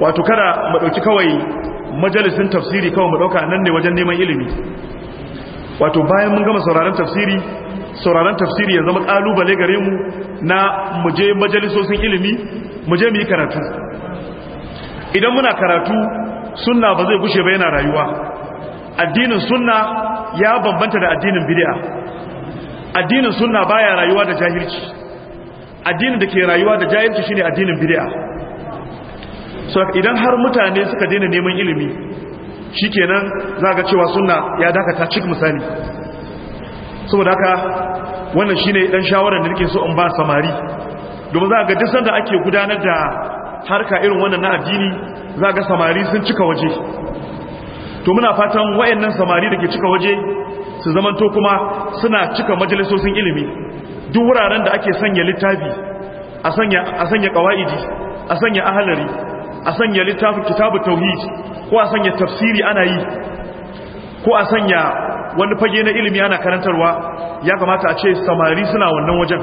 wato kada mu dauki kawai majalisin tafsiri kawai mu dauka nan ne wajen neman ilimi wato bayan mun gama sauraron tafsiri sauraron tafsiri ya zama kalubale gare mu na mu je majalisosin ilimi mu je mu yi karatu idan muna karatu sunna ba zai gushe ba yana rayuwa addinin sunna ya bambanta da addinin bid'a addinin sunna baya rayuwa da jahilci addinin da ke rayuwa da jahilci shine addinin bid'a so idan har mutane suka daina neman ilimi shikenan za cewa sunna ya dakata cik misali saboda haka wannan shine dan shawarar da nake so in ba samari domin za ga duk sanda ake gudanar da harka irin wannan na addini za ga samari sun cika waje to muna fatan wayannan samari da ke cika waje su zamanto kuma suna cika majalisosin ilimi duk wuraren da ake sanya littafi a sanya a sanya qawaidi a sanya ahlari a sanya littafin kitabu tauhid ko a sanya tafsiri ana yi ko a sanya wani fage na ilimi ana karantarwa ya kamata a ce samari suna wannan wajen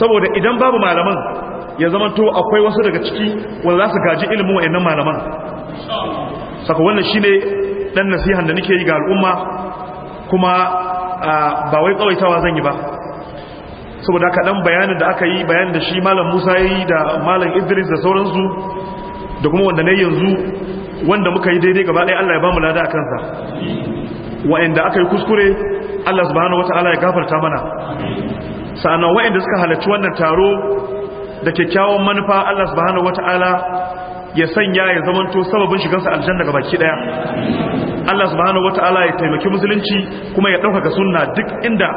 saboda idan babu malaman ya zamanto akwai wasu daga ciki wanda za su gaji ilimin wayannan malaman saka wannan shine dan nasihan da nake yi ga al'umma kuma ba wai tawa zan yi ba saboda haka dan bayanin da aka yi bayanin da shi malam Musa yi da malam Idris da sauransu da kuma wanda nayi yanzu wanda muka yi daidai gaba ɗaya Allah ya ba mu lada a kansa wa'anda aka yi kuskure Allah subhanahu wataala ya gafarta mana sa'annan wa'anda suka halarci wannan taro da kyakkyawan manufa Allah subhanahu wataala ya sanya ya zamanto sababin sa aljanna ga baki daya Allah subhanahu wataala ya taimaki musulunci kuma ya ɗaukaka sunna duk inda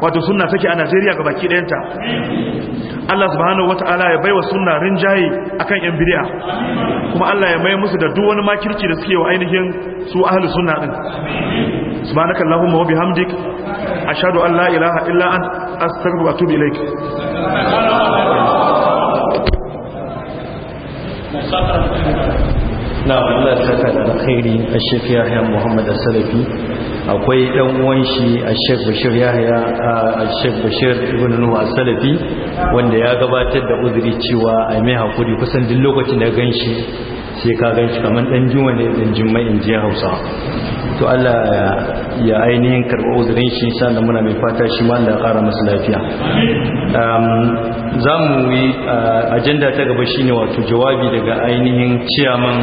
wato sunna take a Najeriya ga baki dayanta Allah subhanahu wataala ya baiwa sunna rinjaye akan yan bid'a kuma Allah ya mai musu da duk wani makirci da suke wa ainihin su ahlus sunna din subhanakallahu wa bihamdik ashhadu an la ilaha illa anta astaghfiruka wa atubu ilaik na Allah saka da alkhairi a Sheikh Yahya Muhammad Salafi akwai dan uwan shi a Sheikh Bashir Yahya a Sheikh Bashir ibn Nuwa Salafi wanda ya gabatar da uzuri cewa a mai hakuri kusan duk lokacin da ganshi sai ka ganshi kamar dan juma ne dan jummai in je Hausa to Allah ya ainihin karɓa uzurin shi sannan muna mai fata shi ma Allah ya ƙara masa lafiya za mu yi ajanda ta gaba shi ne wato jawabi daga ainihin ciyaman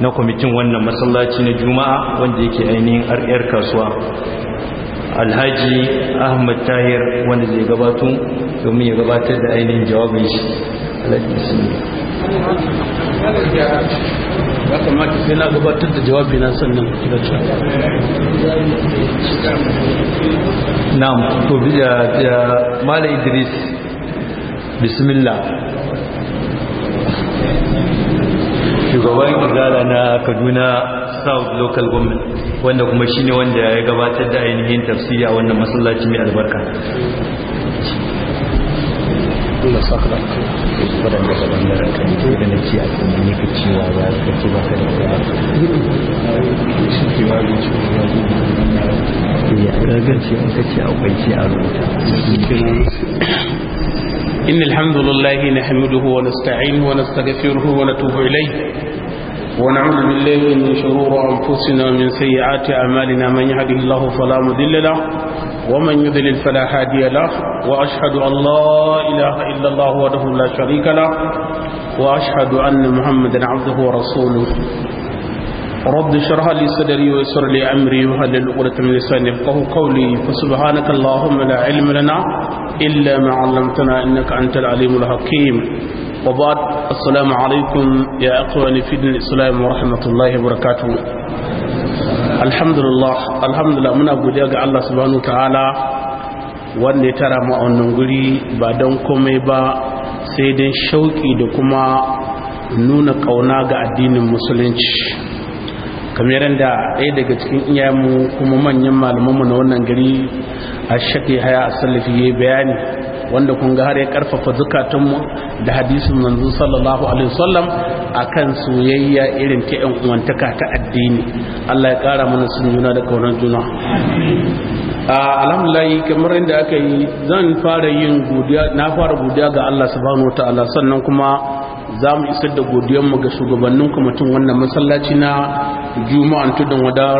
na kwamitin wannan masallaci na juma'a wanda yake ainihin ar'yar kasuwa alhaji ahmad tahir wanda zai gabatu domin ya gabatar da ainihin jawabin shi alhaji ya kamata sai na gabatar da jawabi na sannan kiraci na'am Na biya da mala idris bismillah shugaban izala na kaduna south local government wanda kuma shine wanda ya gabatar da ainihin tafsiri a wannan masallaci mai albarka Allah ya an kace akwai a rubuta إن الحمد لله نحمده ونستعينه ونستغفره ونتوب إليه ونعوذ بالله من شرور أنفسنا ومن سيئات أعمالنا من يهده الله فلا مذل له ومن يذلل فلا هادي له وأشهد أن لا إله إلا الله وحده لا شريك له وأشهد أن محمدا عبده ورسوله رب اشرح لي صدري ويسر لي امري واحلل عقدة من لساني يفقهوا قولي فسبحانك اللهم لا علم لنا الا ما علمتنا انك انت العليم الحكيم وبعد السلام عليكم يا اخواني في دين الاسلام ورحمه الله وبركاته الحمد لله الحمد لله من godiya ga الله سبحانه وتعالى wanda ya tara mu a wannan guri ba don komai ba sai dan shauki da kuma nuna kauna ga addinin musulunci kamar yadda ɗaya daga cikin iyayenmu kuma manyan malamanmu na wannan gari a shaƙe haya a sallafi ya bayani wanda kun ga har ya ƙarfafa zukatunmu da hadisin manzo sallallahu alaihi wasallam kan soyayya irin ta ƴan uwantaka ta addini Allah ya ƙara mana sun juna da kaunar juna alhamdulahi kamar yadda aka yi zan fara yin godiya na fara godiya ga Allah subhanahu ta'ala sannan kuma za mu isar da godiyanmu ga shugabannin kwamitin wannan masallaci na juma'an tudun wada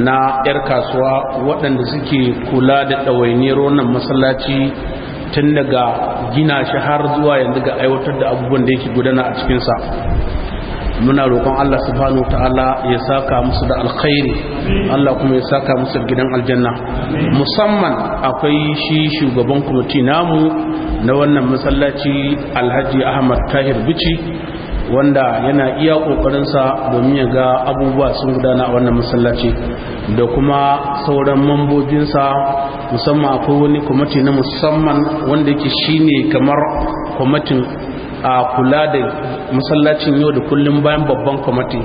na 'yar kasuwa waɗanda suke kula da ɗawainiyar wannan masallaci tun daga gina shi har zuwa yanzu ga aiwatar da abubuwan da yake gudana a cikinsa muna roƙon Allah subhanahu ta'ala ya saka musu da alkhairi Allah kuma ya saka musu gidan aljanna musamman akwai shi shugaban kwamiti namu na wannan masallaci Alhaji Ahmad Tahir bici wanda yana iya ƙoƙarinsa domin ya ga abubuwa sun gudana a wannan masallaci da kuma sauran mambobinsa musamman akwai wani kwamiti na musamman wanda yake shine kamar kwamitin a kula da masallacin yau da kullum bayan babban kwamiti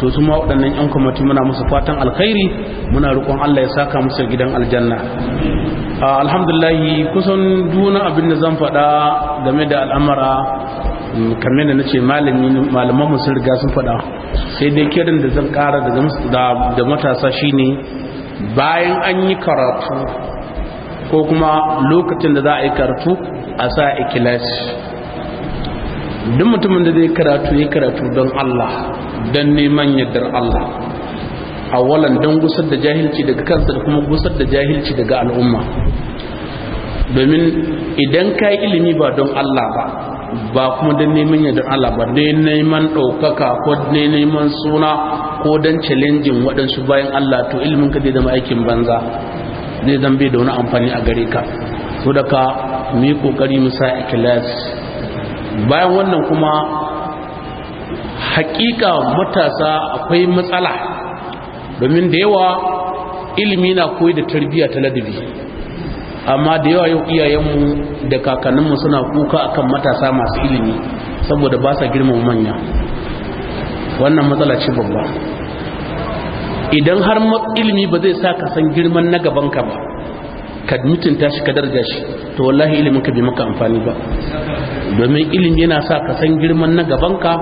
to su ma waɗannan 'yan kwamiti muna musu fatan alkhairi muna roƙon allah ya saka musu gidan aljanna alhamdulillah kusan duna abin da zan faɗa game da al'amara Mm, kamar da nace malami malaman mu sun riga sun faɗa sai dai kiran da zan ƙara da da matasa shine bayan an yi karatu ko kuma lokacin da za a yi karatu a sa ikilasi duk mutumin da zai karatu ya karatu don Allah don neman yardar Allah awalan don gusar da jahilci daga kansa da kuma gusar da jahilci daga al'umma domin idan ka ilimi ba don Allah ba ba kuma don neman yadda Allah ba don neman ɗaukaka ko ne neman suna ko don challenging waɗansu bayan Allah to ilimin ka zai zama aikin banza zai zan bai da wani amfani a gare ka so daga mu yi ƙoƙari mu sa ikilas bayan wannan kuma hakika matasa akwai matsala domin da yawa ilimi na koyi da tarbiyya ta ladabi amma da yawa yau iyayenmu da kakanninmu suna kuka akan matasa masu ilimi saboda ba sa girmama manya wannan matsala ce babba idan har ilimi ba zai sa ka san girman na gabanka ba ka mutunta shi ka darja shi to wallahi ilimin ka bi maka amfani ba domin ilimi yana sa ka san girman na gabanka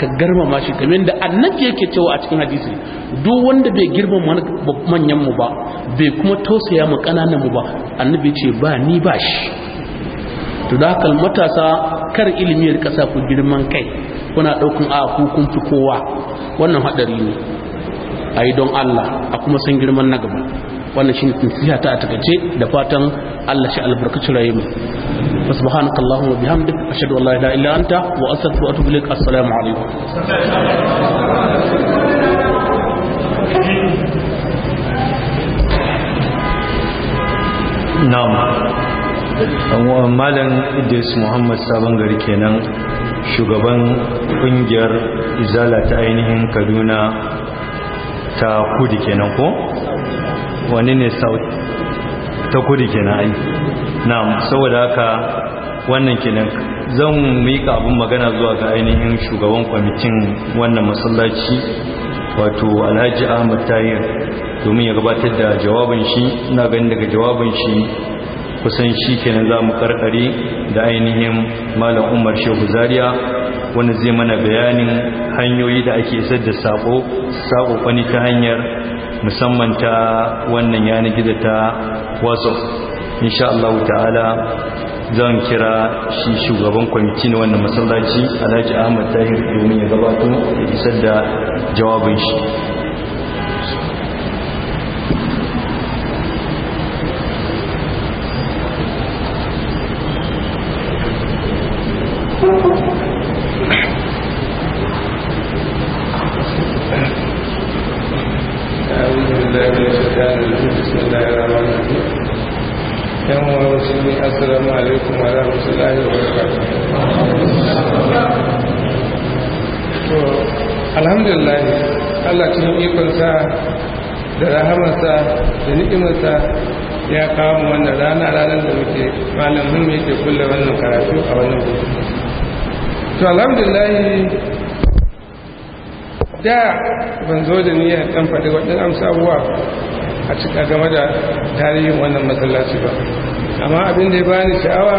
ka girmama shi kamar da annabi yake cewa a cikin hadisi duk wanda bai girmama manyan mu ba bai kuma tausaya mu kananan mu ba annabi ce ba ni ba shi to da haka matasa kar ilimi ya rika sa ku girman kai kuna daukan a ku kun fi kowa wannan hadari ne ayi don Allah a kuma san girman na gaba wannan shi nasiha ta takaice da fatan Allah shi albarkaci rayuwa wa subhanaka allahumma bihamdika ashhadu an la ilaha illa anta wa astaghfiruka wa atubu ilaik assalamu alaikum na'am malam idris muhammad Saban gari kenan shugaban kungiyar izala ta ainihin kaduna ta kudi kenan ko wani ne south ta kudu kenan ai na saboda haka wannan kenan zan mika abin magana zuwa ga ainihin shugaban kwamitin wannan masallaci wato alhaji ahmad tahir domin ya gabatar da jawabin shi na gani daga jawabin shi kusan shi kenan za mu karkare da ainihin malam umar shehu zaria wani zai mana bayanin hanyoyi da ake sadda da sako sako kwani ta hanyar musamman ta wannan yanar gida ta whatsapp insha Allah ta'ala zan kira shi shugaban kwamiti na wannan masallaci alhaji ahmad tahir domin ya gabato ya isar da jawabin shi ya kawo wannan rana ranar da muke malam mun yake kulle wannan karatu a wannan gudu to alhamdulillah da ban zo da niyyar dan faɗi waɗin amsawa a cika game da tarihin wannan masallaci ba amma abin da ya bani sha'awa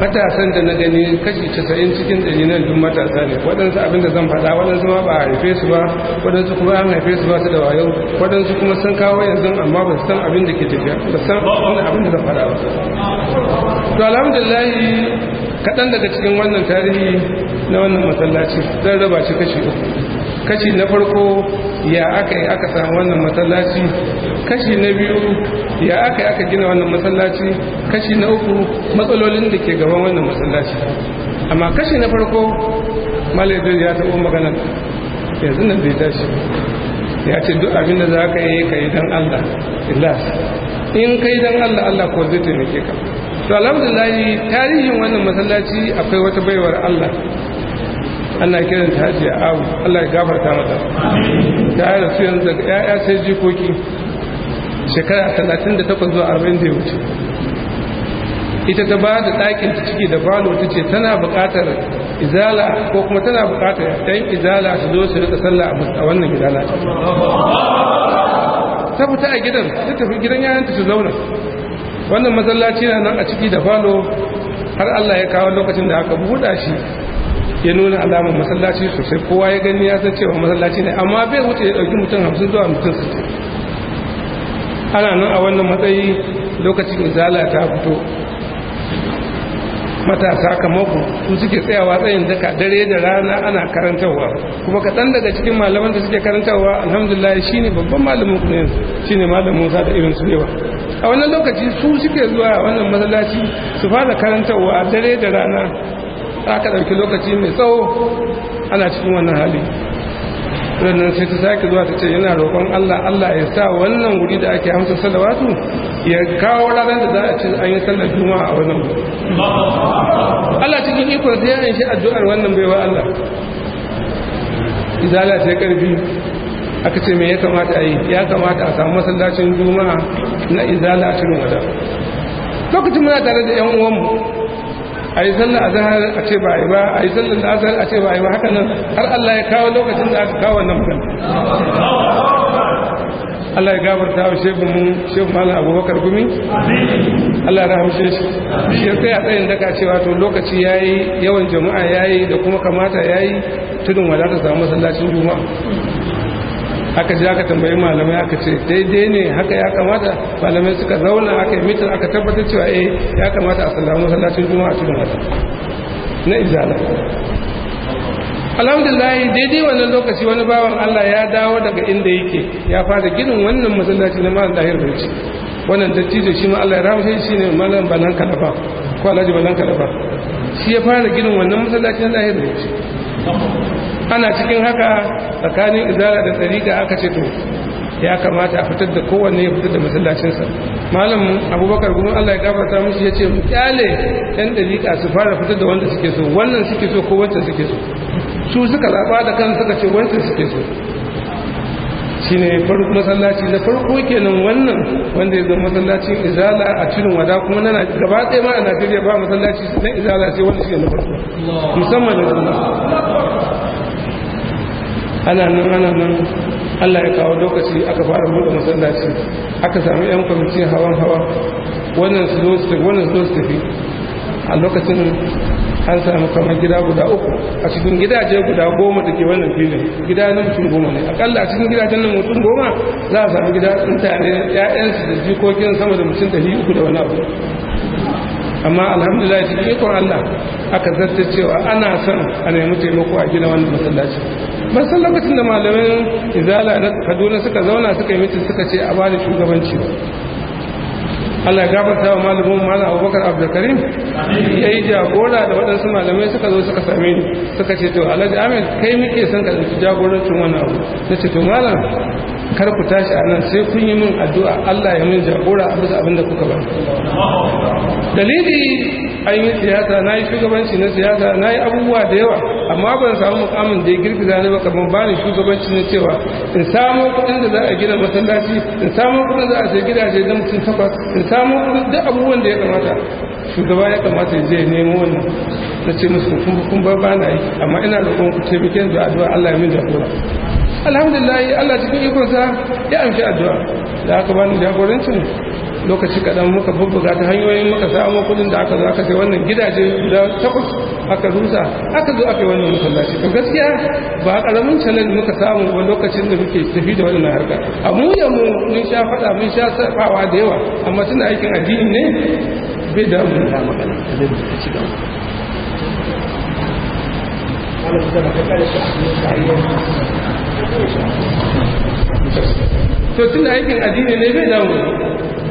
matasan da na gani kashi 90 cikin ɗari nan duk matasa ne waɗansu abin da zan faɗa waɗansu ma ba a haife su ba waɗansu kuma an haife su ba su da wayo waɗansu kuma sun kawo yanzu amma ba san abin da ke tafiya ba san abin da zan faɗa ba to alhamdulillahi kaɗan daga cikin wannan tarihi na wannan masallaci zan raba shi kashi uku kashi na farko ya aka yi aka samu wannan masallaci kashi na biyu ya aka yi aka gina wannan masallaci kashi na uku matsalolin da ke gaban wannan masallaci amma kashi na farko malaidar ya taɓo maganar yanzu nan zai tashi ya ce duk abinda da za ka yi ka yi don Allah ilas in kai don Allah Allah ko zai taimake ka to alhamdulillah tarihin wannan masallaci akwai wata baiwar Allah Allah kiran ta hajiya awu Allah ya gafarta mata ta yi rasu yanzu daga ya'ya sai jikoki shekara talatin da takwas zuwa arba'in da wuce ita ta ba da ɗakin ciki da falo ta ce tana buƙatar izala ko kuma tana bukatar yi izala su zo su rika sallah a wannan izala ta fita a gidan ta tafi gidan yayanta su zauna wannan masallaci na nan a ciki da falo har Allah ya kawo lokacin da aka buɗa shi ya nuna alamun matsalaci sosai kowa ya gani ya san cewa masallaci ne amma bai wuce ya ɗauki mutum hamsin zuwa mutum su ana nan a wannan matsayi lokacin izala ta fito matasa kamar ku su suke tsayawa tsayin daka dare da rana ana karantarwa kuma kaɗan daga cikin malaman da suke karantarwa alhamdulillah shine babban malamin ku ne shine malam Musa da irin su yawa a wannan lokaci su suke zuwa a wannan masallaci su fara karantarwa dare da rana aka ɗauki lokaci mai tsawo ana cikin wannan hali sannan sai ta sake zuwa ta ce yana roƙon Allah Allah ya sa wannan wuri da ake amsa salawatu ya kawo ranar da za a ci an yi sallar juma'a a wannan Allah cikin ikon sai ya shi addu'ar wannan baiwa Allah izala ta karfi aka ce me ya kamata a yi ya kamata a samu masallacin juma'a na izala a cikin wada lokacin muna tare da yan uwanmu a yi sallar azahar a ce ba a yi ba a yi sallar azahar a ce ba a yi ba haka nan har Allah ya kawo lokacin da aka kawo wannan magana Allah ya gabarta wa shehu mu shehu malam abubakar gumi Allah ya rahamshe shi shi kai a tsayin daka cewa to lokaci yayi yawan jama'a yayi da kuma kamata yayi tudun ta samu masallacin juma'a aka ji aka tambayi malamai aka ce daidai ne haka ya kamata malamai suka zauna aka yi mitin aka tabbatar cewa eh ya kamata a sallama masallacin juma'a tudun wadata na izala alhamdulillah daidai wannan lokaci wani bawan Allah ya dawo daga inda yake ya fara ginin wannan masallaci na malam dahir bauchi wannan dattijo shi ma Allah ya rahmace shi ne malam banan kalafa ko alhaji banan kalafa shi ya fara ginin wannan masallaci na dahir bauchi ana cikin haka tsakanin izara da tsarika aka ce to ya kamata a fitar da kowanne ya fitar da masallacinsa malam abubakar gudun allah ya gafarta musu ya ce kyale yan dariƙa su fara fitar da wanda suke so wannan suke so ko wancan suke so su suka zaba da kan suka ce wancan suke so shi ne farko masallaci da farko kenan wannan wanda ya zama masallacin izala a cikin wada kuma na gaba tsaye ma a najeriya ba masallaci na izala ce wani shi na farko musamman da zama ana nan ana nan allah ya kawo lokaci aka fara buɗe masallaci aka sami yan kwamitin hawan hawa wannan su wannan su zo su tafi a lokacin an samu kamar gida guda uku a cikin gidaje guda goma da ke wannan filin gida na mutum goma ne akalla a cikin gidajen nan mutum goma za a samu gida mutane ya'yansu da jikokin sama da mutum ɗari uku da wani abu amma alhamdulillah cikin ikon allah aka zarta cewa ana son a nemi taimako a gina wannan masallaci san lokacin da malamin izala na kaduna suka zauna suka yi mutum suka ce a bani shugabanci Allah ya gafarta wa malamin malam Abubakar Abdulkarim ya yi jagora da waɗansu malamai suka zo suka same ni suka ce to Alhaji Amin kai muke son ka ɗauki jagorancin wannan abu na to malam kar ku tashi a nan sai kun yi min addu'a Allah ya min jagora a bisa abin da kuka ba dalili an yi siyasa na yi shugabanci na siyasa na yi abubuwa da yawa amma ban samu mukamin da ya girgiza ni ba kamar ba ni shugabanci na cewa in samu kuɗin da za a gina masallaci in samu kuɗin da za a sai gidaje na mutum takwas in samu kuɗin duk abubuwan da ya kamata shugaba ya kamata ya je ya nemo wannan na ce musu kun kun ba ba na yi amma ina da kuma ku taimake da addu'a Allah ya min kura alhamdulillah Allah cikin ikonsa ya amshi addu'a da aka bani jagorancin lokaci kaɗan muka bubbuga ta hanyoyin muka samu kuɗin da aka zo aka sai wannan gidaje guda takwas aka rusa aka zo aka yi wannan masallaci to gaskiya ba ƙaramin canan muka samu ba lokacin da muke tafi da wannan harka a mu ya mu mun sha faɗa mun sha safawa da yawa amma tana aikin addini ne bai da mu da magana zai ci gaba to tun aikin addini ne bai damu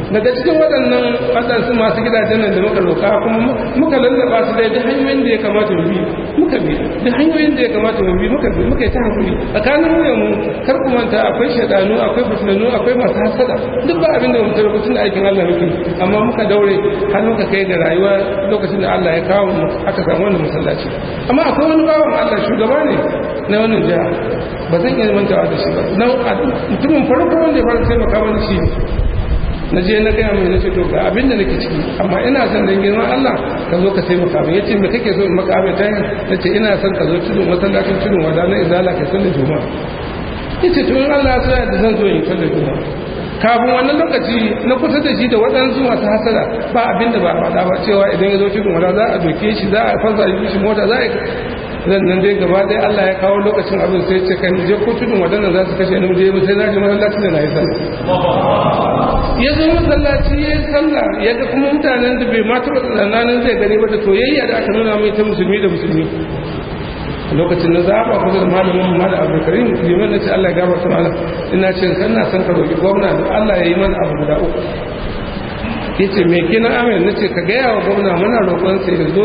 daga cikin waɗannan waɗansu masu gidajen nan da muka roka kuma muka lallaba su dai da hanyoyin da ya kamata mu bi muka bi da hanyoyin da ya kamata mu bi muka bi muka yi ta hankali tsakanin mu mu kar ku manta akwai shaɗanu akwai fitinanu akwai masu hasada duk ba abin da mutum lokacin da aikin Allah muke amma muka daure har muka kai ga rayuwa lokacin da Allah ya kawo mu aka samu wannan masallaci amma akwai wani bawan Allah shugaba ne na wannan jiha ba zan iya mantawa da shi ba na mutumin farko wanda ya fara taimaka mana shi na je na gaya mai na ce to ga abin da nake ciki amma ina son dan girman Allah ka zo ka taimaka mai yace me kake so in maka abin ta na ce ina son ka zo tudun masallacin tudun wada na izala ka sallar juma yace to in Allah ya sa da zan zo in sallar juma kafin wannan lokaci na kusa da shi da waɗansu masu hasara ba abin da ba faɗa ba cewa idan ya zo tudun wada za a doke shi za a fasa shi mota za a Zan nan dai gaba dai Allah ya kawo lokacin abin sai ce kan je ko tudun waɗannan za su kashe ni je mu sai na ji masallaci da na yi sallah ya zo masallaci ya yi sallah ya ga kuma mutanen da bai ma taɓa nan zai gani ba da soyayya da aka nuna mai ta musulmi da musulmi lokacin na zaɓa kusa da malamin mu malam Karim liman nace Allah ya gafarta mana ina ce na san ka roki gwamna da Allah ya yi mana abu guda uku yace ce kina amin na ce ka gaya wa gwamna muna roƙon sai ya zo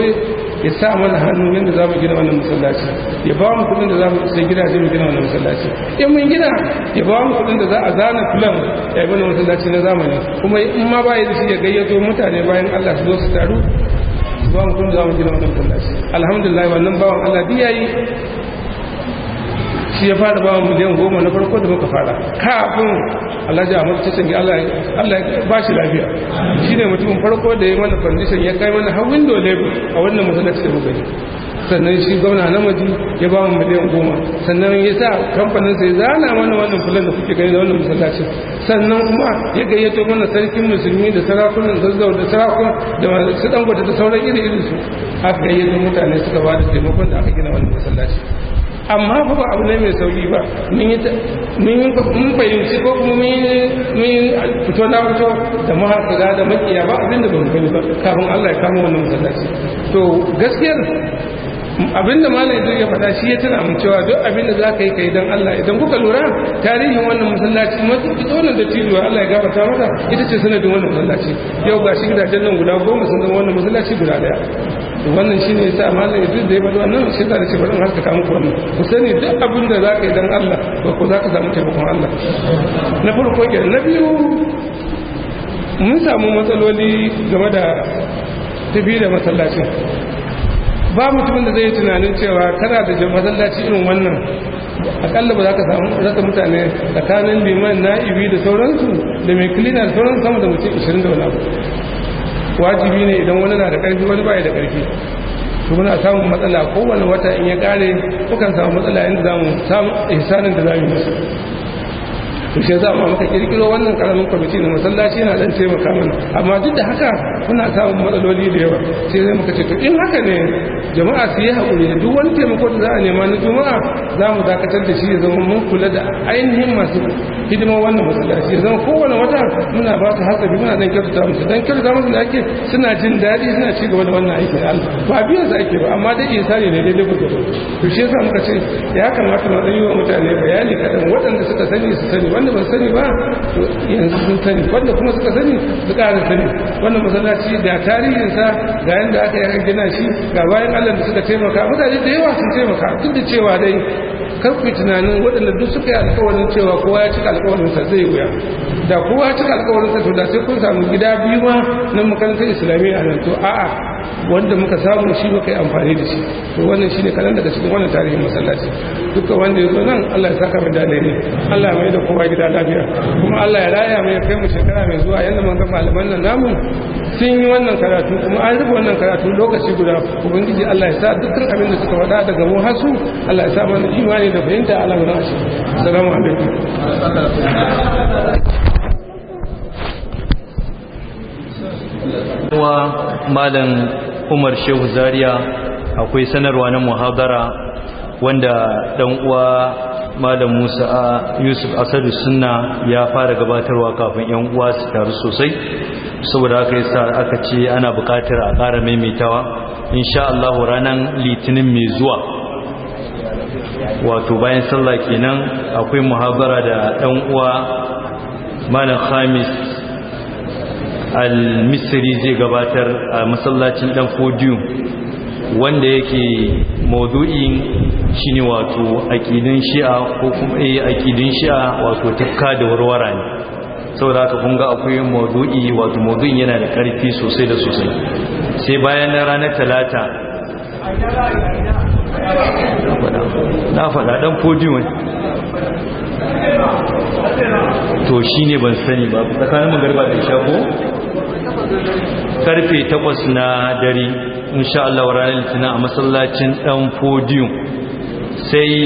ya sa mana hannu yadda za mu gina wannan masallaci ya ba mu kudin da za mu sai gidaje mu gina wannan masallaci in mun gina ya ba mu kudin da za a zana filan ya yi wannan masallaci na zamani kuma in ma ba ya da shi ya gayyato mutane bayan Allah su zo su taru ba mu kudin da za mu gina wannan masallaci alhamdulillah wannan bawan Allah duk yi. shi ya fara ba mu miliyan goma na farko da muka fara kafin alhaji amur ta canji allah ba shi lafiya shi ne mutumin farko da ya mana foundation ya kai mana har window level a wannan masallaci da mugari sannan shi gwamna na maji ya ba mu miliyan goma sannan ya sa kamfanin sai zana mana wannan fulan da kuke gani da wannan masallacin sannan kuma ya gayyato mana sarkin musulmi da sarakunan zazzau da sarakun da su dangwata da sauran iri irin su aka gayyato mutane suka ba da taimakon da aka gina wannan masallaci amma ba ba abu ne mai sauki ba mun fahimci ko kuma mun fito na fito da mahasada da makiya ba abin da ban fahimta ba kafin Allah ya kama wannan masallaci to gaskiyar abin da malai idan ya fada shi ya tana mun cewa duk abin da za ka yi ka yi Allah idan kuka lura tarihin wannan masallaci masu ita wannan da tijuwa Allah ya gafarta mata ita ce sanadin wannan masallaci yau ga shi gidajen nan guda goma sun zama wannan masallaci guda daya wannan shi ne sa malam ya duk da ya bada wannan shi da ce bari haska muku kwanu ku sani duk abin da za ka yi don Allah ba ku za ka samu taimakon Allah na farko kenan na biyu mun samu matsaloli game da tafi da masallacin ba mutumin da zai tunanin cewa kana da masallaci irin wannan akalla ba za ka samu rasa mutane tsakanin liman na'ibi da sauransu da mai kilina da sauransu sama da mutum 20 da wani abu wajibi ne idan wani na da ƙarfi wani baya da ƙarfi to muna samun matsala kowane wata in ya kare kukan samu matsala inda za mu samu ihsanin da za yi to sai za mu maka kirkiro wannan karamin kwamiti na masallaci na dan taimaka mana amma duk da haka muna samun matsaloli da yawa sai zai muka ce to in haka ne jama'a su yi haƙuri da duk wani taimako da za a nema na juma'a za mu dakatar da shi ya zama mun kula da ainihin masu hidimar wannan masallaci ya zama kowane wata muna ba su hasabi muna dan kyautata musu dan kyautata musu da ake suna jin daɗi suna ci gaba da wannan aiki da Allah ba biyan su ake ba amma dai insani ne daidai gurgurdo to shi yasa muka ce ya kamata mu yi wa mutane bayani kaɗan waɗanda suka sani su sani wanda ba sani ba yanzu sun sani wanda kuma suka sani su ƙara sani wannan masallaci da tarihinsa ga yadda aka yi gina shi ga bayan allah da suka taimaka mutane da yawa sun taimaka duk da cewa dai karfi tunanin waɗanda duk suka yi alkawarin cewa kowa ya cika alkawarinsa zai wuya da kowa ya cika alkawarinsa to da sai kun samu gida biyu ma na makarantar islamiyya a nan to a'a wanda muka samu shi muka yi amfani da shi to wannan shine kalan daga cikin wannan tarihin masallaci dukkan wanda ya zo nan Allah ya saka mai dalili Allah ya mai da kowa gida lafiya kuma Allah ya raya mai kai mu shekara mai zuwa yanda mun ga malaman nan namu sun yi wannan karatu kuma an rubuta wannan karatu lokaci guda ubangiji Allah ya sa dukkan abin da suka faɗa daga mu hasu Allah ya sa mana imani da fahimta Allah mu nashi assalamu alaikum wa malam umar shehu Zariya akwai sanarwa na muhabara wanda dan uwa malam musa yusuf asadu Suna ya fara gabatarwa kafin yan uwa su taru sosai saboda haka yasa aka ce ana bukatar a ƙara maimaitawa sha allahu ranar litinin mai zuwa wato bayan sallah kenan akwai muhabara da dan uwa malam khamis al-misri zai gabatar a masallacin dan fodiyo wanda yake maudu'in ne wato akidin shi'a ko kuma eh akidin shi'a wato tukka da warwara ne saboda haka kun ga akwai maudu'i wato maudu'in yana da karfi sosai da sosai sai bayan ranar talata na faɗa ɗan podium to shi ne ban sani ba tsakanin magarba da shago karfe takwas na dare insha Allah ranar litinin a masallacin ɗan podium sai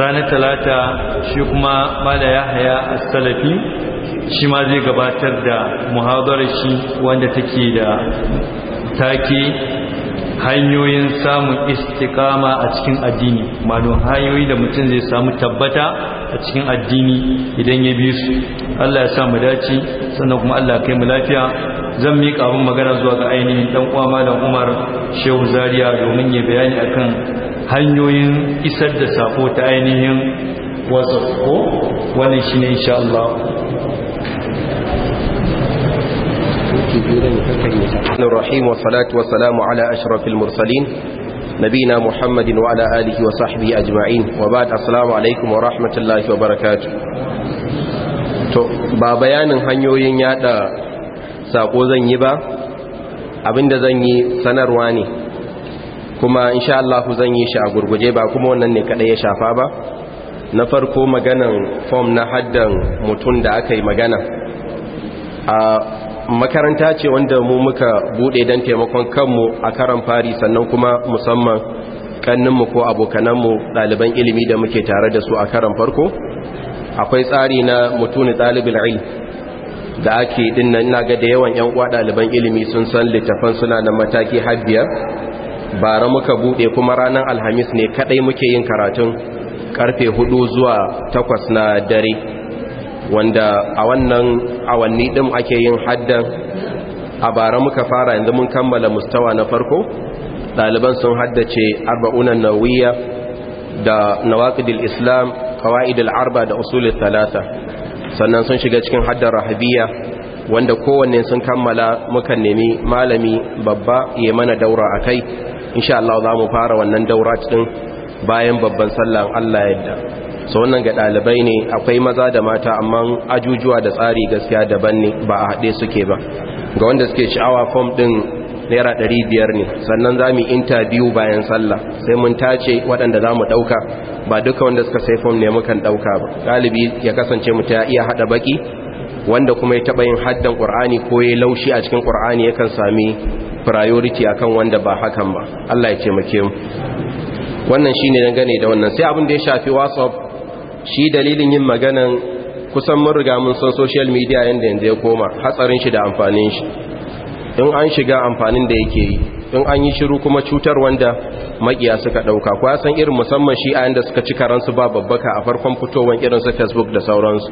ranar talata shi kuma mala yahaya a salafi shi ma zai gabatar da muhadarar shi wanda take da take hanyoyin samun istikama a cikin addini manu hanyoyi da mutum zai samu tabbata a cikin addini idan ya bi su Allah ya sa mu dace sannan kuma Allah ya kai mu lafiya zan miƙa abin magana zuwa ga ainihin ɗan 'ƙwama da Umar Shehu Zaria domin ya bayani akan hanyoyin isar da sako ta ainihin WhatsApp ko wannan shine insha Allah الرحيم والصلاة والسلام على wa المرسلين نبينا محمد وعلى آله وصحبه أجمعين وبعد alaikum wa rahmatullahi wa وبركاته to ba bayanin hanyoyin yada sako zan yi ba abinda zan yi sanarwa ne kuma insha Allah zan yi shi a gurguje ba kuma wannan ne kada ya shafa ba na farko maganan form na haddan mutum da aka yi magana a makaranta ce wanda mu muka bude dan taimakon kanmu a karan fari sannan kuma musamman kanninmu ko abokananmu ɗaliban ilimi da muke tare da su a karan farko akwai tsari na mutuni ɗalibin ilmi da ake dinna ina ga da yawan yan uwa ɗaliban ilimi sun san littafan suna da mataki har biyar bara muka bude kuma ranar alhamis ne kadai muke yin karatun karfe hudu zuwa takwas na dare wanda a wannan awanni din ake yin haddan a bara muka fara yanzu mun kammala mustawa na farko ɗaliban sun haddace arba'unan nawiya da nawaqidul islam ƙawa'idar arba da usulul talata sannan sun shiga cikin haddar rahabiya wanda kowanne sun kammala muka nemi malami babba ya mana daura a kai insha Allah za mu fara wannan daura cikin bayan babban sallan Allah yadda so wannan ga ɗalibai ne akwai maza da mata amma ajujuwa da tsari gaskiya daban ne ba a haɗe suke ba ga wanda suke sha'awa fom ɗin naira ɗari biyar ne sannan za mu intabiyu bayan sallah sai mun tace waɗanda za mu ɗauka ba duka wanda suka sai fom ne mukan ɗauka ba galibi ya kasance mu ta iya haɗa baki wanda kuma ya taɓa yin haddan ƙur'ani ko ya laushi a cikin ƙur'ani kan sami priority akan wanda ba hakan ba Allah ya taimake mu wannan shi ne dangane da wannan sai abin da ya shafi whatsapp shi dalilin yin maganan kusan mun riga mun san social media yanda yanzu ya koma hatsarin shi da amfanin shi in an shiga amfanin da yake yi in an yi shiru kuma cutar wanda makiya suka dauka ko ya san irin musamman shi ayan da suka ci karansu ba babbaka a farkon fitowar irin su Facebook da sauransu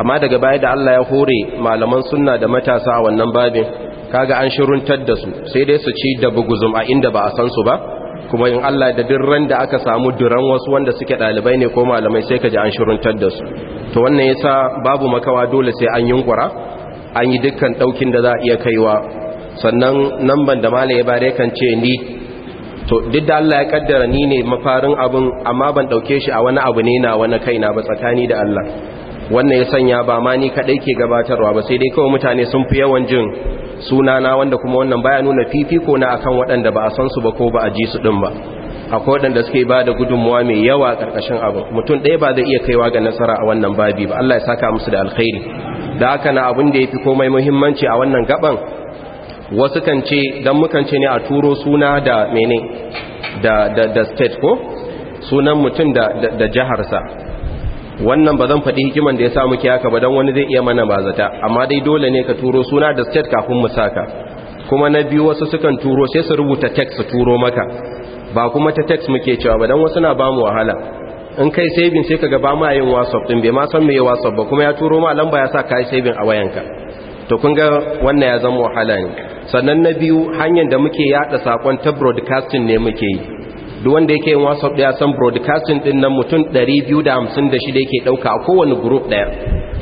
amma daga baya da Allah ya hore malaman sunna da matasa a wannan babin kaga an shiruntar da su sai dai su ci da buguzum a inda ba a san su ba kuma in Allah da dirran da aka samu duran wasu wanda suke dalibai ne ko malamai sai ka ji an shiruntar da su to wannan yasa babu makawa dole sai an yunkura an yi dukkan daukin da za a iya kaiwa sannan nan ban da mala ya bare kan ce ni to duk da Allah ya kaddara ni ne mafarin abin amma ban dauke shi a wani abu ne na wani na ba tsakani da Allah wannan ya sanya ba ma ni kadai ke gabatarwa ba sai dai kawai mutane sun fi yawan jin sunana wanda kuma wannan baya nuna fifiko na akan waɗanda ba a san su ba ko ba a ji su din ba akwai waɗanda suke ba da gudunmuwa mai yawa a ƙarƙashin abu mutum ɗaya ba zai iya kaiwa ga nasara a wannan babi ba Allah ya saka musu da alkhairi da haka na abin da ya fi komai muhimmanci a wannan gaban wasu kan ce don mukan ce ne a turo suna da mene da, da, state ko sunan mutum da, jiharsa wannan ba zan faɗi hikiman da ya sa muke haka ba don wani zai iya mana bazata amma dai dole ne ka turo suna da state kafin mu saka kuma na biyu wasu sukan turo sai su rubuta text turo maka ba kuma ta text muke cewa ba don wasu na ba mu wahala in kai saving sai ka gaba ma yin whatsapp din bai ma san me whatsapp ba kuma ya turo ma lamba ya sa kai saving a wayanka to kun ga wannan ya zama wahala ne sannan na biyu hanyar da muke yada sakon ta broadcasting ne muke yi duk wanda yake yin whatsapp ya san broadcasting din nan mutum 256 yake dauka a kowane group daya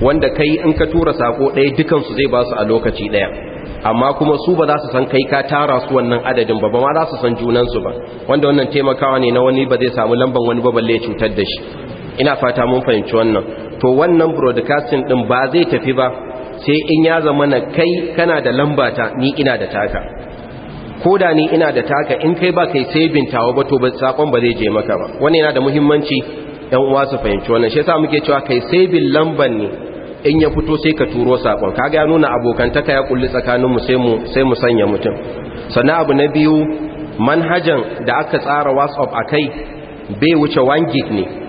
wanda kai in ka tura sako daya dukan su zai ba su a lokaci daya amma kuma su ba za su san kai ka tara su wannan adadin ba ba ma za su san junan su ba wanda wannan taimakawa ne na wani ba zai samu lamban wani ba balle cutar da shi ina fata mun fahimci wannan to wannan broadcasting din ba zai tafi ba sai in ya zama na kai kana da lambata ni ina da taka ko da ni ina da taka in kai ba kai sai bintawa ba to sakon ba zai je maka ba wani yana da muhimmanci yan uwa su fahimci wannan shi yasa muke cewa kai sai bin lamban ne in ya fito sai ka turo sakon kaga ya nuna abokantaka ya kulli tsakanin mu sai mu sai mu sanya mutum sannan abu na biyu manhajan da aka tsara WhatsApp akai bai wuce 1 gig ne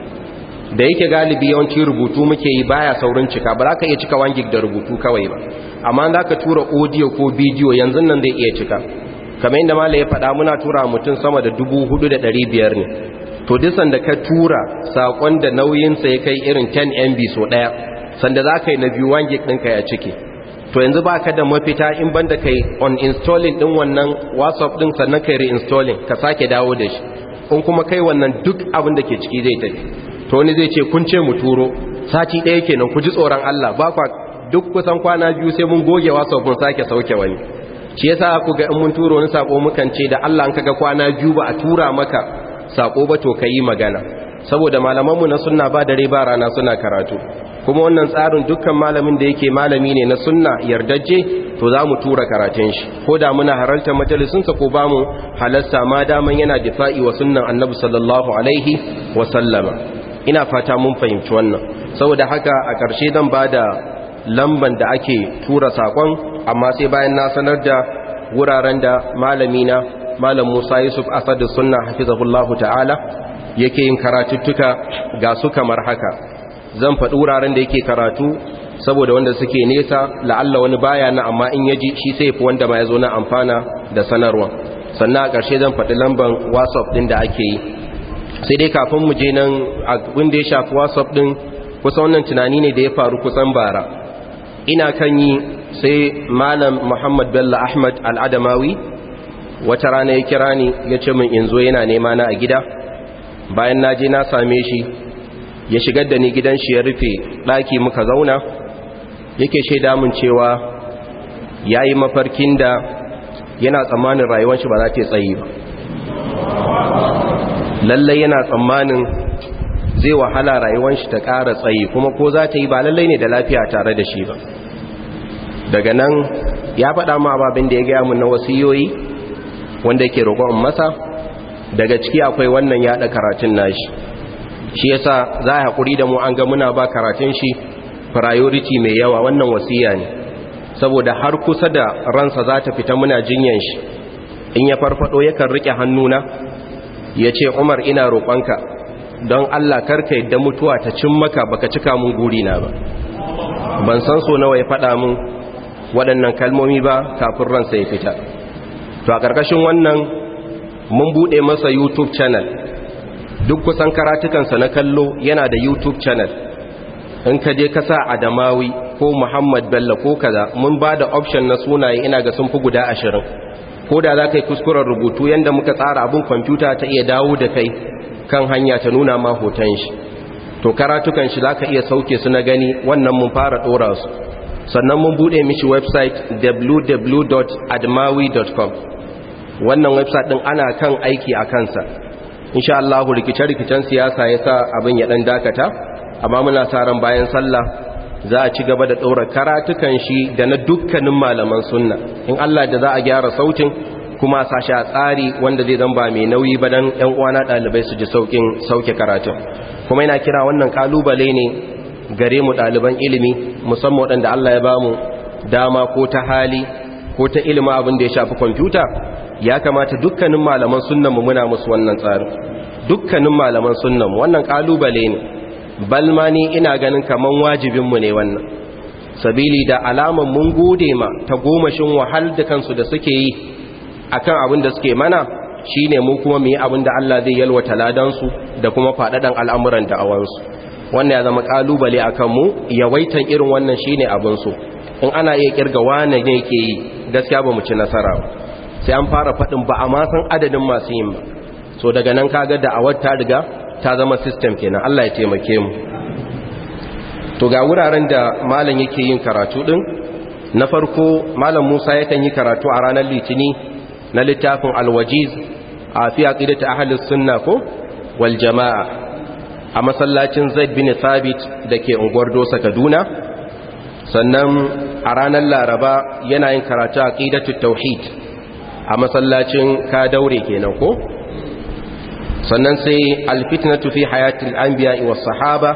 da yake galibi yawanci rubutu muke yi baya saurin cika ba za ka iya cika wangig da rubutu kawai ba amma za ka tura audio ko bidiyo yanzu nan zai iya cika kamar yadda mala ya faɗa muna tura mutum sama da dubu hudu da biyar ne to duk sanda ka tura saƙon da nauyinsa ya kai irin 10 mb so ɗaya sanda za ka yi na biyu wangig ɗinka ya ciki to yanzu ba ka da mafita in ban banda kai on installing ɗin wannan whatsapp ɗin sannan kai reinstalling ka sake dawo da shi in kuma kai wannan duk abin da ke ciki zai tafi to wani zai ce kun ce mu turo sati ɗaya kenan ku ji tsoron Allah ba kwa duk kusan kwana biyu sai mun gogewa sau kun sake sauke wani shi yasa ku ga in mun turo wani sako mukan ce da Allah an kaga kwana biyu ba a tura maka sako ba to ka yi magana saboda malaman mu na sunna ba dare ba rana suna karatu kuma wannan tsarin dukkan malamin da yake malami ne na sunna yardajje to za mu tura karatun shi ko da muna haraltar majalisunsa ko ba mu halasta ma daman yana difa'i wa sunnan annabi sallallahu alaihi wa sallama ina fata mun fahimci wannan saboda haka a ƙarshe zan ba da lamban da ake tura saƙon amma sai bayan na sanar da wuraren da malamina malam musa yusuf asadu sunna hafizahullahu ta'ala yake yin karatuttuka ga su kamar haka zan faɗi wuraren da yake karatu saboda wanda suke nesa la'alla wani baya na amma in yaji shi sai fi wanda ma ya zo na amfana da sanarwa sannan a ƙarshe zan faɗi lamban whatsapp ɗin da ake yi sai dai kafin mu je nan abin da ya shafi whatsapp din kusa wannan tunani ne da ya faru kusan bara ina kan yi sai malam muhammad bello ahmad al'adamawi wata rana ya kira ni ya ce min in zo yana nema na a gida bayan na je na same shi ya shigar da ni gidan shi ya rufe ɗaki muka zauna yake shaida mun cewa ya yi mafarkin da yana tsammanin rayuwar shi ba za ta tsaye ba lallai yana tsammanin zai wahala rayuwar shi ta ƙara tsayi kuma ko za ta yi ba lallai ne da lafiya tare da shi ba daga nan ya faɗa ma ababin da ya gaya mun na wasiyoyi wanda yake roƙon masa daga ciki akwai wannan yaɗa karatun nashi shi yasa za a haƙuri da mu an ga muna ba karatun shi priority mai yawa wannan wasiya ne saboda har kusa da ransa za ta fita muna jinyan shi in ya farfaɗo yakan riƙe hannuna ya ce umar ina roƙonka don allah karka yadda mutuwa ta cin maka baka cika mun gurina ba ban san so nawa ya faɗa mun waɗannan kalmomi ba kafin ransa ya fita to a ƙarƙashin wannan mun buɗe masa youtube channel duk kusan karatukansa na kallo yana da youtube channel in ka je kasa adamawi ko muhammad bello ko kaza mun ba da option na sunaye ina ga sun fi guda ashirin ko da za ka yi kuskuren rubutu yadda muka tsara abin kwamfuta ta iya dawo da kai kan hanya ta nuna ma hoton shi to karatukan shi za ka iya sauke su na gani wannan mun fara ɗora su sannan mun bude mishi website www.admawi.com wannan website din ana kan aiki a kansa insha Allah rikice-rikicen siyasa ya sa abin ya ɗan dakata amma muna sa ran bayan sallah za a ci gaba da ɗaura karatukan shi da na dukkanin malaman sunna in Allah da za a gyara sautin kuma shi a tsari wanda zai zamba mai nauyi ba don ‘yan uwana ɗalibai su ji sauƙin sauke karatun kuma yana kira wannan ƙalubale ne gare mu ɗaliban ilimi musamman waɗanda Allah ya ba mu dama ko ta hali ko ta ilima abin da ya shafi kwamfuta ya kamata dukkanin malaman mu muna musu wannan tsari dukkanin malaman mu wannan ƙalubale ne balma ni ina ganin kaman wajibinmu ne wannan sabili da alaman mun gode ma ta gomashin wahal da kansu da suke yi akan abin da suke mana shine mu kuma mu yi abin da Allah zai yalwata su da kuma faɗaɗan al'amuran da da'awansu wannan ya zama ƙalubale a kanmu yawaitan irin wannan shine abinsu in ana iya ƙirga wane ne ke yi gaskiya ba mu ci nasara ba sai an fara faɗin ba a ma san adadin masu yin ba so daga nan kaga da'awar ta riga ta zama system kenan Allah ya taimake mu to ga wuraren da malam yake yin karatu din na farko malam Musa yakan yi karatu a ranar litini na littafin alwajiz a fi aqidatu ahli sunna ko wal jamaa a masallacin Zaid bin Thabit dake unguwar Dosa Kaduna sannan a ranar Laraba yana yin karatu aqidatu tauhid a masallacin ka daure kenan ko sannan sai alfitnatu fi hayatil anbiya wa sahaba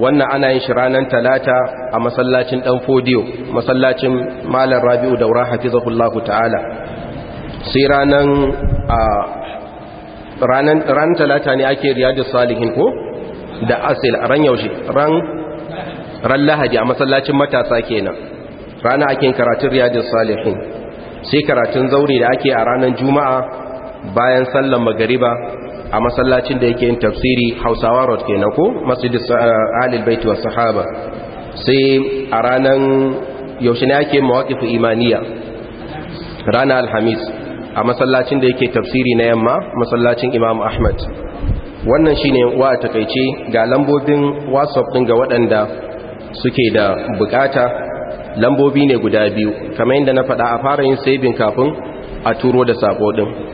wannan ana yin shiranan talata a masallacin dan fodiyo masallacin malam rabi'u daura hafizahullahu ta'ala sai ranan a ranan ran talata ne ake riyadus salihin ko da asil ran yaushe ran ran lahadi a masallacin matasa kenan rana ake karatun riyadus salihin sai karatun zauri da ake a ranan juma'a bayan sallan magariba a masallacin da yake yin tafsiri hausawa road na ko masjid alil eh, wa sahaba sai a ranar yaushe ne ake mawaƙifu imaniya rana alhamis a masallacin da yake tafsiri na yamma masallacin imam ahmad wannan shine wa takaice ga lambobin whatsapp din ga waɗanda suke da bukata lambobi ne guda biyu kamar yadda na faɗa a fara yin saving kafin a turo da sako ɗin.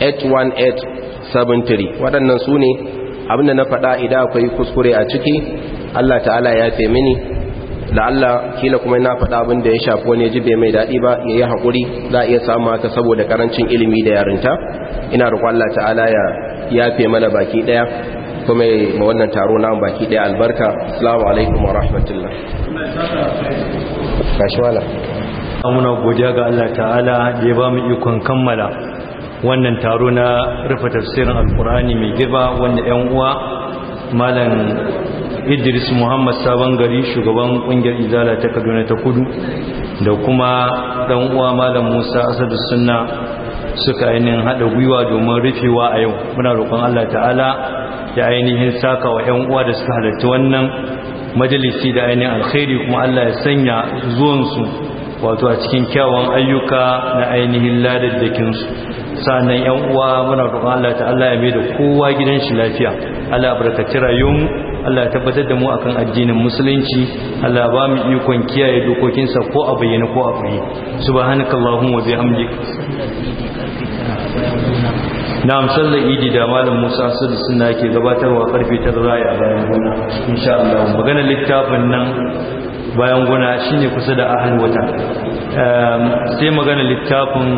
81873 waɗannan su ne abinda na faɗa idan akwai kuskure a ciki Allah ta'ala ya fe mini da Allah kila kuma na faɗa abinda ya shafi wani ji bai mai daɗi ba ya yi haƙuri za a iya samu haka saboda ƙarancin ilimi da yarinta ina roƙon Allah ta'ala ya yafe mana baki ɗaya kuma ma wannan taro na baki ɗaya albarka assalamu alaikum wa rahmatullah kashi wala godiya ga Allah ta'ala da ya ba mu ikon kammala wannan taro na rufe tafsirin alkurani mai girba wanda 'yan uwa malam idris muhammad sabon gari shugaban kungiyar izala ta kaduna ta kudu da kuma dan uwa malam musa asadu sunna suka ainihin haɗa gwiwa domin rufewa a yau muna roƙon allah ta'ala ya ainihin saka wa 'yan uwa da suka halarci wannan majalisi da ainihin alkhairi kuma allah ya sanya zuwansu wato a cikin kyawun ayyuka na ainihin su sannan yan uwa muna roƙon Allah ta Allah ya mai kowa gidan shi lafiya Allah barkaci rayuwar Allah ya tabbatar da mu akan addinin musulunci Allah ba mu ikon kiyaye dokokinsa ko a bayyana ko a furi subhanakallahumma wa bihamdik na'am sallar idi da malam Musa sallu sunna ke gabatarwa karfe 9 raya bayan gona insha Allah magana littafin nan bayan gona shine kusa da ahli wata ehm, sai magana littafin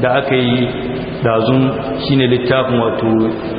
da aka yi dazun shine littafin wato